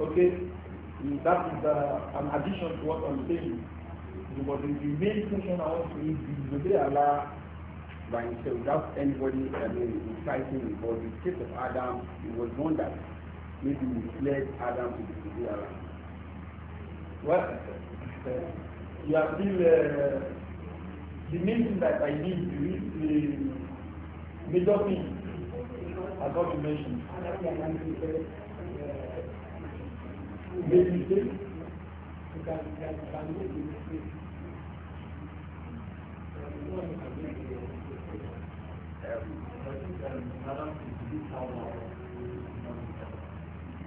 Okay, and that is uh, an addition to what I'm saying. Because the main question I want to is, is Allah by himself without anybody I mean, inciting him. But the case of Adam, he was one that maybe misled Adam to be Allah. Well, you are still, uh, the meaning that I need, the middle thing has not been mentioned. Made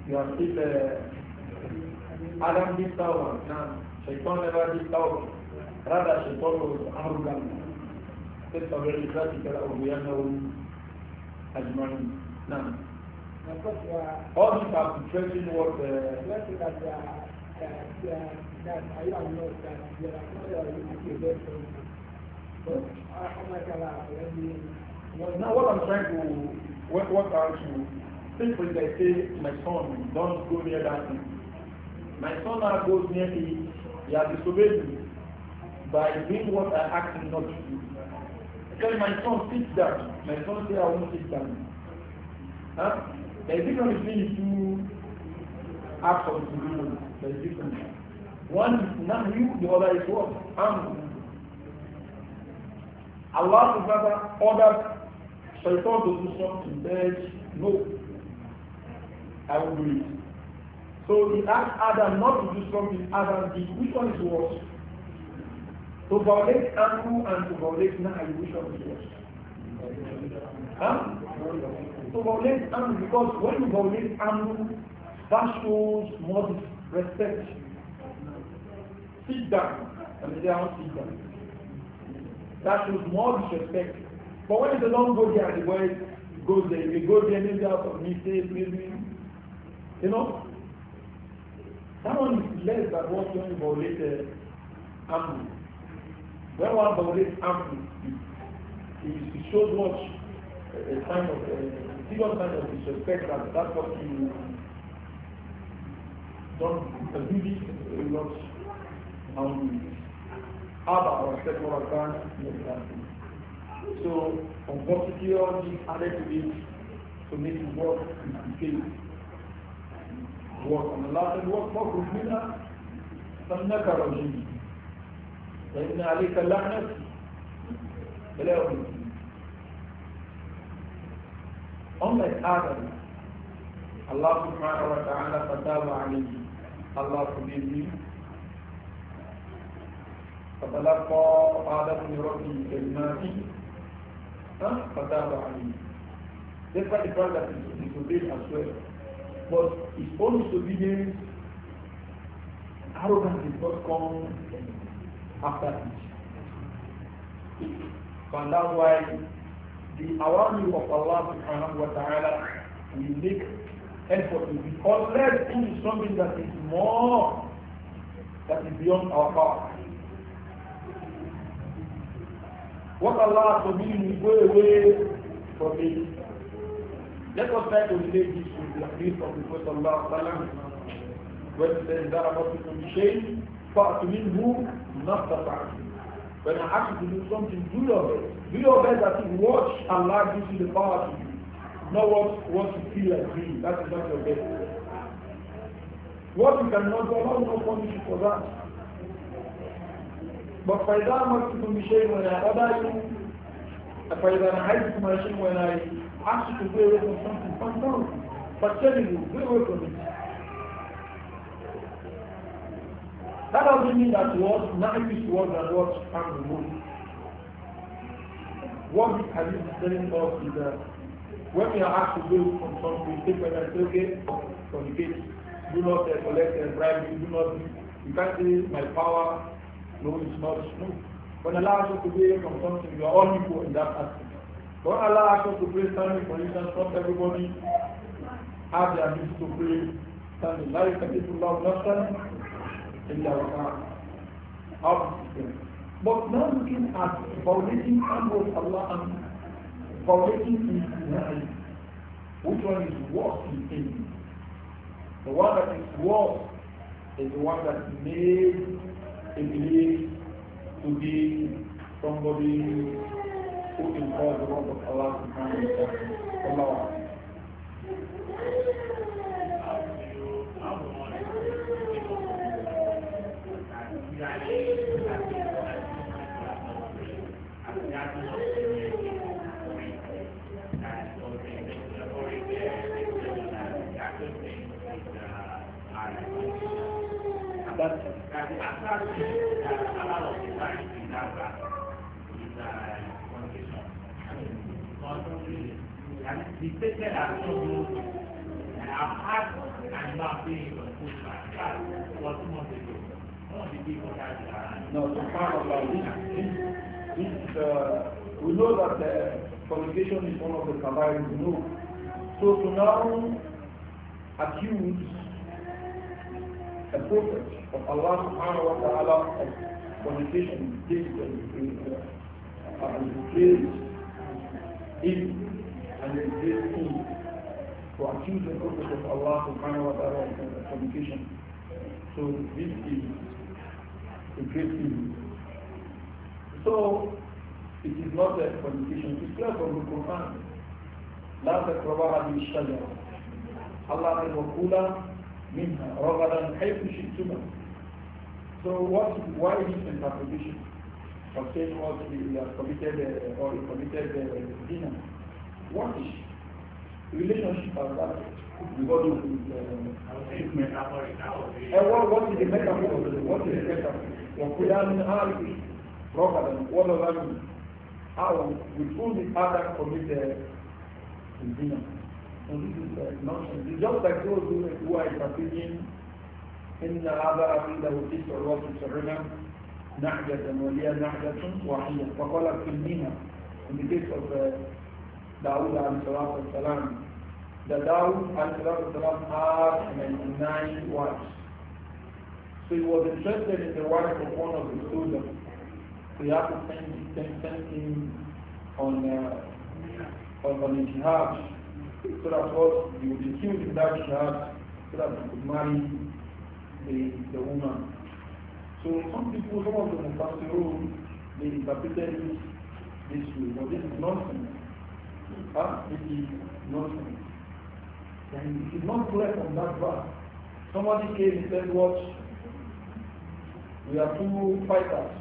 You are still uh, Adam did Tawbah. No. Shaitan never did Tawbah. Rather, Shaitan was arrogant. Said فَبِعِذَاتِكَ لَأُغْوِيَنَّهُمْ أَجْمَعِينَ No. All the perpetrating what the... Uh, now what I'm trying to, what, what I'm trying to, say, my son, don't go near that thing. My son now goes near me, he has disobeyed me by doing what I asked him not to do. I tell my son, sit down. My son says, I won't sit down. Huh? The difference between two acts of disobedience. The difference. One is not you, the other is what? Amr. Allah the Father ordered Shaitan to do something, said, no, I will do it. So he asked Adam not to do something Adam did. Which one is worse? To violate Anu and to violate Nahi, which one is worse? Huh? To violate Anu, because when you violate Anu, that shows more respect. Sit down. I mean, they are sit down. That shows more disrespect. But when the do go there, the boy goes there. he goes go there, maybe out of mistake, maybe, you know, that one is less than what when you violate uh, When one violates the it, it shows much eh, a sign of eh, a serious sign of disrespect that that's what you don't do this a lot how about our second step So unfortunately all these added to it to make it work is the case. الوقت الله مخرج منها فالنكر الجنة فإن عليك اللعنة فلا أبنك أما آدم الله سبحانه وتعالى فتاب عليه الله سبحانه فتلقى آدم من ربه كلماته فتاب عليه ذكر إفرادة في سبيل أسوأ But his own disobedience, arrogance did not come after it. And that's why the awami of Allah subhanahu wa ta'ala will make effort to be unless it is something that is more, that is beyond our power. What Allah forbid, we go away from it. Let us try to relate this to the hadith of the Prophet Sallallahu when he says, there are not people shame, فَأْتُ مِنْهُ نَصْتَطَعْتُ When I ask you to do something, do your best. Do your best that you watch Allah gives you the power to do. Not what, what you feel like doing. That is not your best. What you cannot do, Allah will not punish you for that. But فَإِذَا أَمَرْتُكُمْ بِشَيْءٍ وَلَا أَبَى you فَإِذَا نَحَيْتُكُمْ عَشَيْءٍ وَلَا ask you to go away from something, come oh, But telling you, go away from it. That doesn't mean that what naive was and what can remove. What the hadith is telling us is that when we are asked to go from something, we take when I say, okay, communicate, do not uh, collect and uh, bribe, do not, you can't say my power, no, it's not, no. When I asks you to go from something, you are all equal in that aspect. When Allah asks us to pray standing, for instance, not everybody has the ability to pray standing. La yukadifullahu nafsan illa wa'ala. Out system. But now looking at violating amr of Allah and violating his denial, which one is worse in him? The one that is worse is the one that made a belief to be somebody قل الله ربك الله سبحانه وتعالى الله أعلم and depicted as And I've had and not being able to push my child for two months One of the people that No, this, uh, we know that uh, communication is one of the kabair we know. So to now accuse a prophet of Allah subhanahu wa ta'ala of communication is difficult. Uh, uh and and there is to achieve the purpose of Allah subhanahu wa ta'ala of fornication. So this is a great thing. So it is not a fornication. It's clear from the Quran. لا تقربها بالشجرة الله says وكلا منها رغدا حيث شئتما So what, why this interpretation? obtain what he have committed uh, or he committed uh, dinner. What is relationship of that because of his uh, metaphoric and what, what is the metaphor what is the metaphor of Quran and rather than what does that mean how we pull the other committed uh, dinner and this is uh, nonsense it's just like those who, who are interpreting in the other I mean that would teach or what is نحجة وليا نحجة واحية فقال كلمها in the case of uh, Dawud al salam the Dawud al had nine wives. So he was interested in the wife of one of the soldiers. So he had to send, send, send him on, uh, on, on a jihad so that was he would be killed in that jihad so that he could marry the, the woman. So some people, some of the room. they interpreted it this way, but this is nonsense. Huh? Ah, this is nonsense. And it is not clear from that part, Somebody came and said, what? We are two fighters.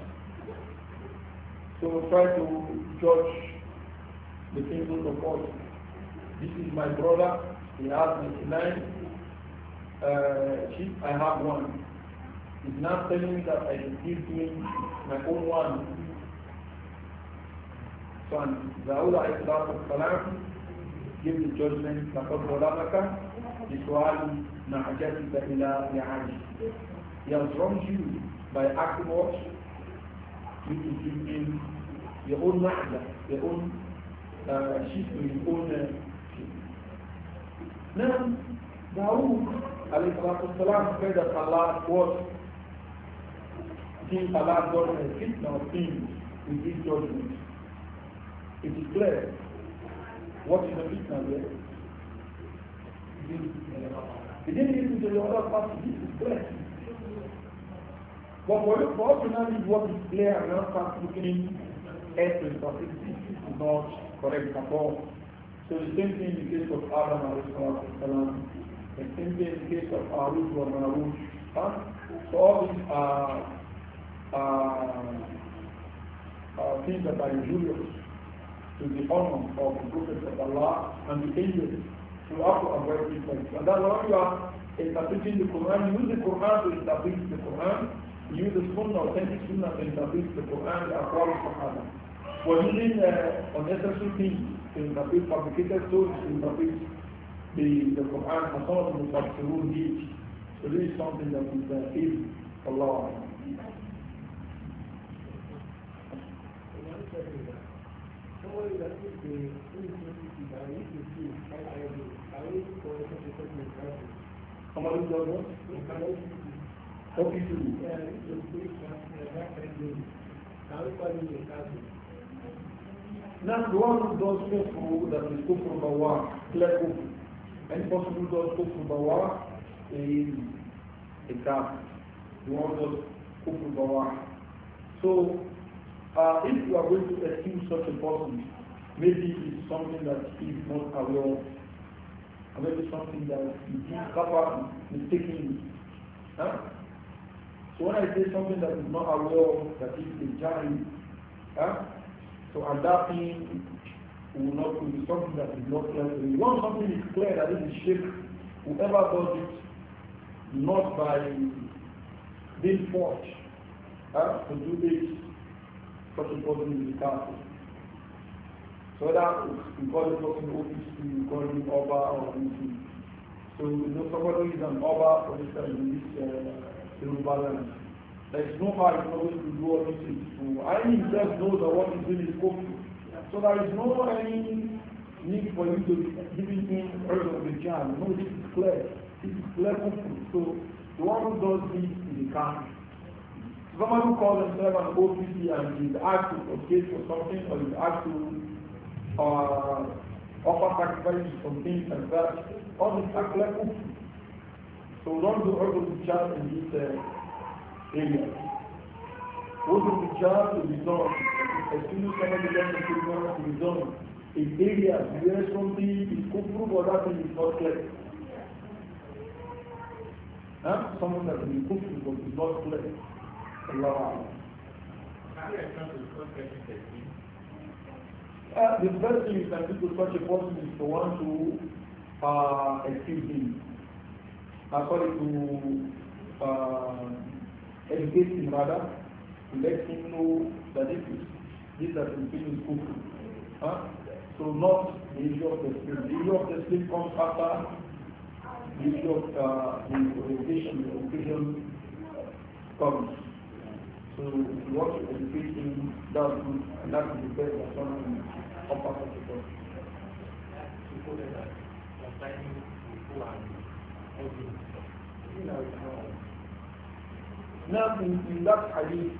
So try to judge the people of God. This is my brother. He has 99 uh, She, I have one is not telling me that I should give him my own one. So and Zawul salam give the judgment لقد ظلمك بسؤال معجتك إلى لعاني. He has wronged you by acting what? You to give him your own ma'ja, your own uh, sheep, your own uh, sheep. Now, Dawud alayhi salatu salam said that Allah was if Allah doesn't inflict our sins with this judgment. It is clear what is the fitna there. He didn't listen uh, to the other party, this is clear. But for, you, for us to not read what is clear and not start looking at the statistics is not correct at all. So the same thing in the case of Adam and salam, the same thing in the case of Arut or Marut. So all these are uh, uh, things that are injurious to the honor of the prophets of Allah and the angels. you have to avoid these things. And that's why you are interpreting the Quran. Use the Quran to interpret the Quran. Use the Sunnah, authentic Sunnah to interpret the Quran, the Aqwal of Sahaba. For using uh, unnecessary things to interpret fabricated tools to interpret the, the Quran, as some of the Mufassirun did. So this is something that is uh, evil. Allah. How much one? What is it? Now, the one who does kufu that is kufu bawa, clear kufu. Any person who bawa is a one of those kufu bawa. So, uh, if you are going to excuse such a person, maybe it's something that he is not aware of, it's maybe something that he did cover mistakenly. Huh? So when I say something that is not aware of, that is a giant, huh? so adapting will not be something that is not clear. So want something is clear that it is shirk. Whoever does it, not by being forced huh, to do this such a person is kafir. So that you call the person OPC, you call him Oba or anything. So you know somebody is an Oba, for in this uh, There is no harm in always to do all these things. So I himself that what he's doing is kofir. So there is no any need for you to give him earth of the jam. No, this is clear. This is clear So the one who does this is a kafir. Someone who calls himself an OPC and is asked to propagate for something or is asked to uh, offer sacrifice for things like that, all these act like OPC. So don't do all the child in this uh, area. All the child to be done. As soon as somebody gets the children to be done, in areas where something is cooked for that thing is not clear. Huh? Something that is cooked for is not clear. Uh, the first thing is that people such a person is to want to uh, excuse him. I call it to uh, educate him rather, to let him know that this is this that is being cooked. Huh? So not the issue of the spirit. The issue of the spirit comes after the issue of uh, the education, the comes. So you want to educate him, that would be, and that would best for in upper part of the you know, Now, in, in that hadith,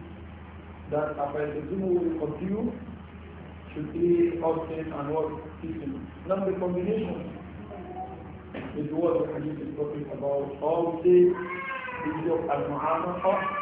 that Abayatuzumu will continue, should be obstinate and what teaching. Now, the combination is what the hadith is talking about. All the issue of Al-Mu'amah,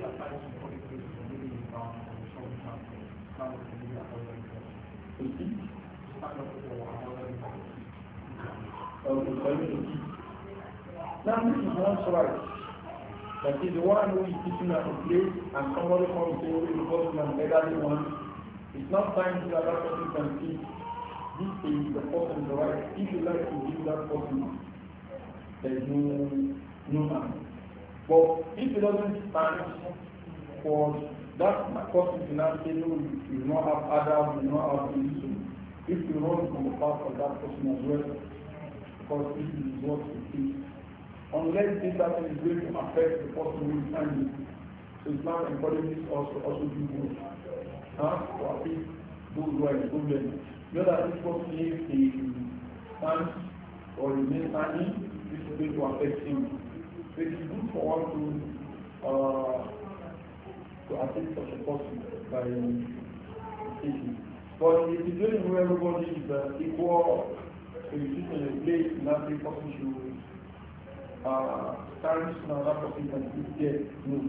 Now this is one's right. That is the one who is teaching at the place and somebody comes to you because you legally one. It's not time to that that person can see this is the person's right. If you like to give that person, there is no, no harm. But if it doesn't stand for that person financially, now say, you do not have Adam, you will not have Yusuf, if you run from the path of that person as well, because this is what it is. Unless this happens, is going to affect the person who is standing. So Islam encourages us to also do good. Huh? To appease those who are in problem. Not that this person is the stands or remains standing, this is going to affect him. So it is good for one to uh, to attend such a person by teaching. But if you don't uh, know everybody is uh, equal, so you sit in a place and that person should uh, carry another person and get there. No.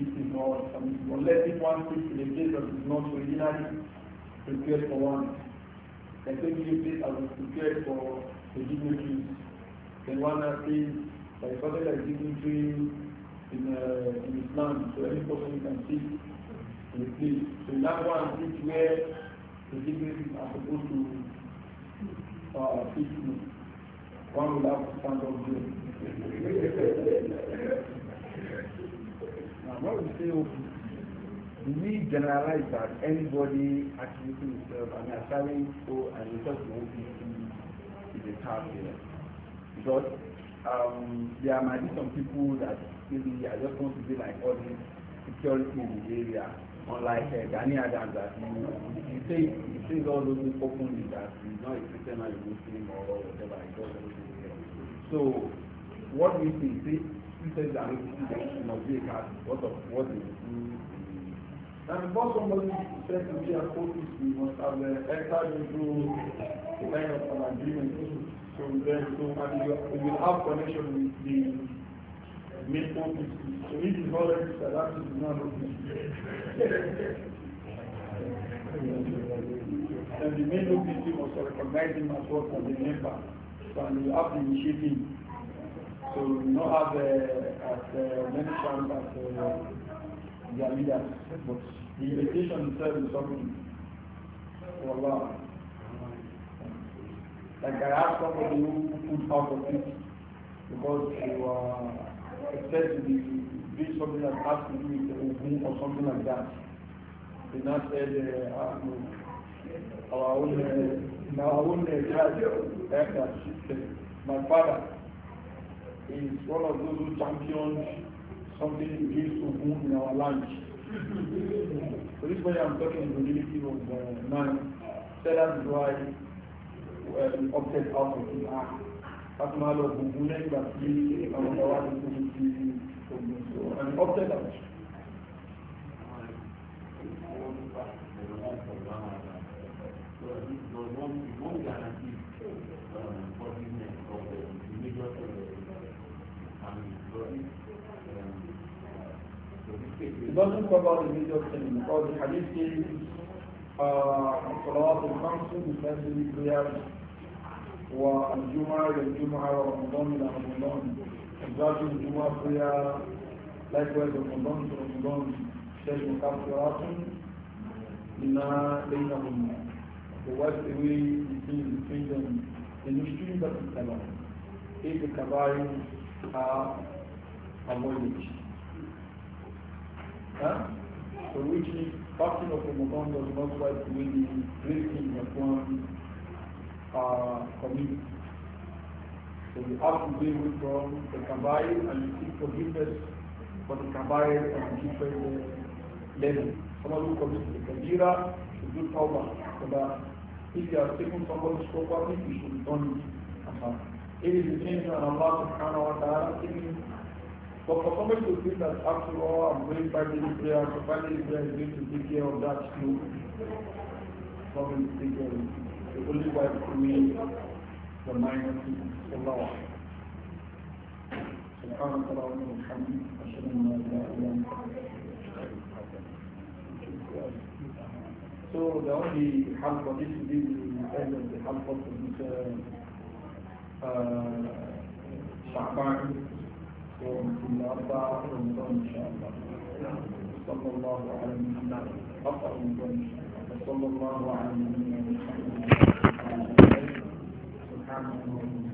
This is not permissible. Unless if one sits in a place that is not originally prepared for one. Like maybe you place as prepared for the dignitaries. Then one that so it's something like dignity in, uh, in Islam. So any person you can see in the place. So you now one is where the dignitaries are supposed to uh, sit. One will have to stand up there. now, what we say we generalize that anybody attributing himself and assigning to and himself to is a target. Because um, there might be some people that maybe I just want to be like all these security in the area, unlike uh, Danny Adams that you, you say you say all those things openly that he's not a Christian or a Muslim or whatever, he does everything here. So what we see, see he says that he must be a cat, what of what is and before somebody says to me, I coach, we must have the uh, extra to the kind of an agreement. So then, So, and you, will have connection with the main office. So it is not like that, that is not And the main office must recognize him as well as a member. So, and you have the initiate So you not have uh, as uh, many chance as uh, their leaders, but the invitation itself is something. Wallah that there are somebody who put out of it because they were expected to do something that has to do with the Ogun or something like that. They now said, uh, our own, uh, our own uh, my father is one of those who champions something against Ogun in our land. so this way I'm talking to the people of the man. So that's why opted um, out of the act. Ah, not a good and opted out. It doesn't the major sin because the hadith says الصلوات الخمس بفضل القيام والجمعة إلى الجمعة ورمضان إلى رمضان الزاد الجمعة فيها likewise رمضان إلى رمضان شيء مكفرات لما بينهما ووقت away between between them in the stream that is Kabbalah. If the Kabbalah are avoided. Huh? So which is of Ramadan does not quite do the great thing uh, So you have to deal with from the Kabair and you seek forgiveness for the Kabair and different uh, level. Someone who commits the Kabira should do Tawbah that. If you are taking somebody's property, you should return it. is the intention of Allah subhanahu wa ta'ala but for somebody to think that after all, I'm going family prayer, so family prayer is going to take care of that too. Somebody to take care of it. The only way for me, the mind of Allah. سبحانك اللهم وبحمدك أشهد أن لا إله إلا أنت So the only half of this is the end of the half of this uh, uh, Sha'ban ومن الأربعة رمضان إن شاء الله صلى الله على محمد أفضل رمضان صلى الله على محمد سبحانه وتعالى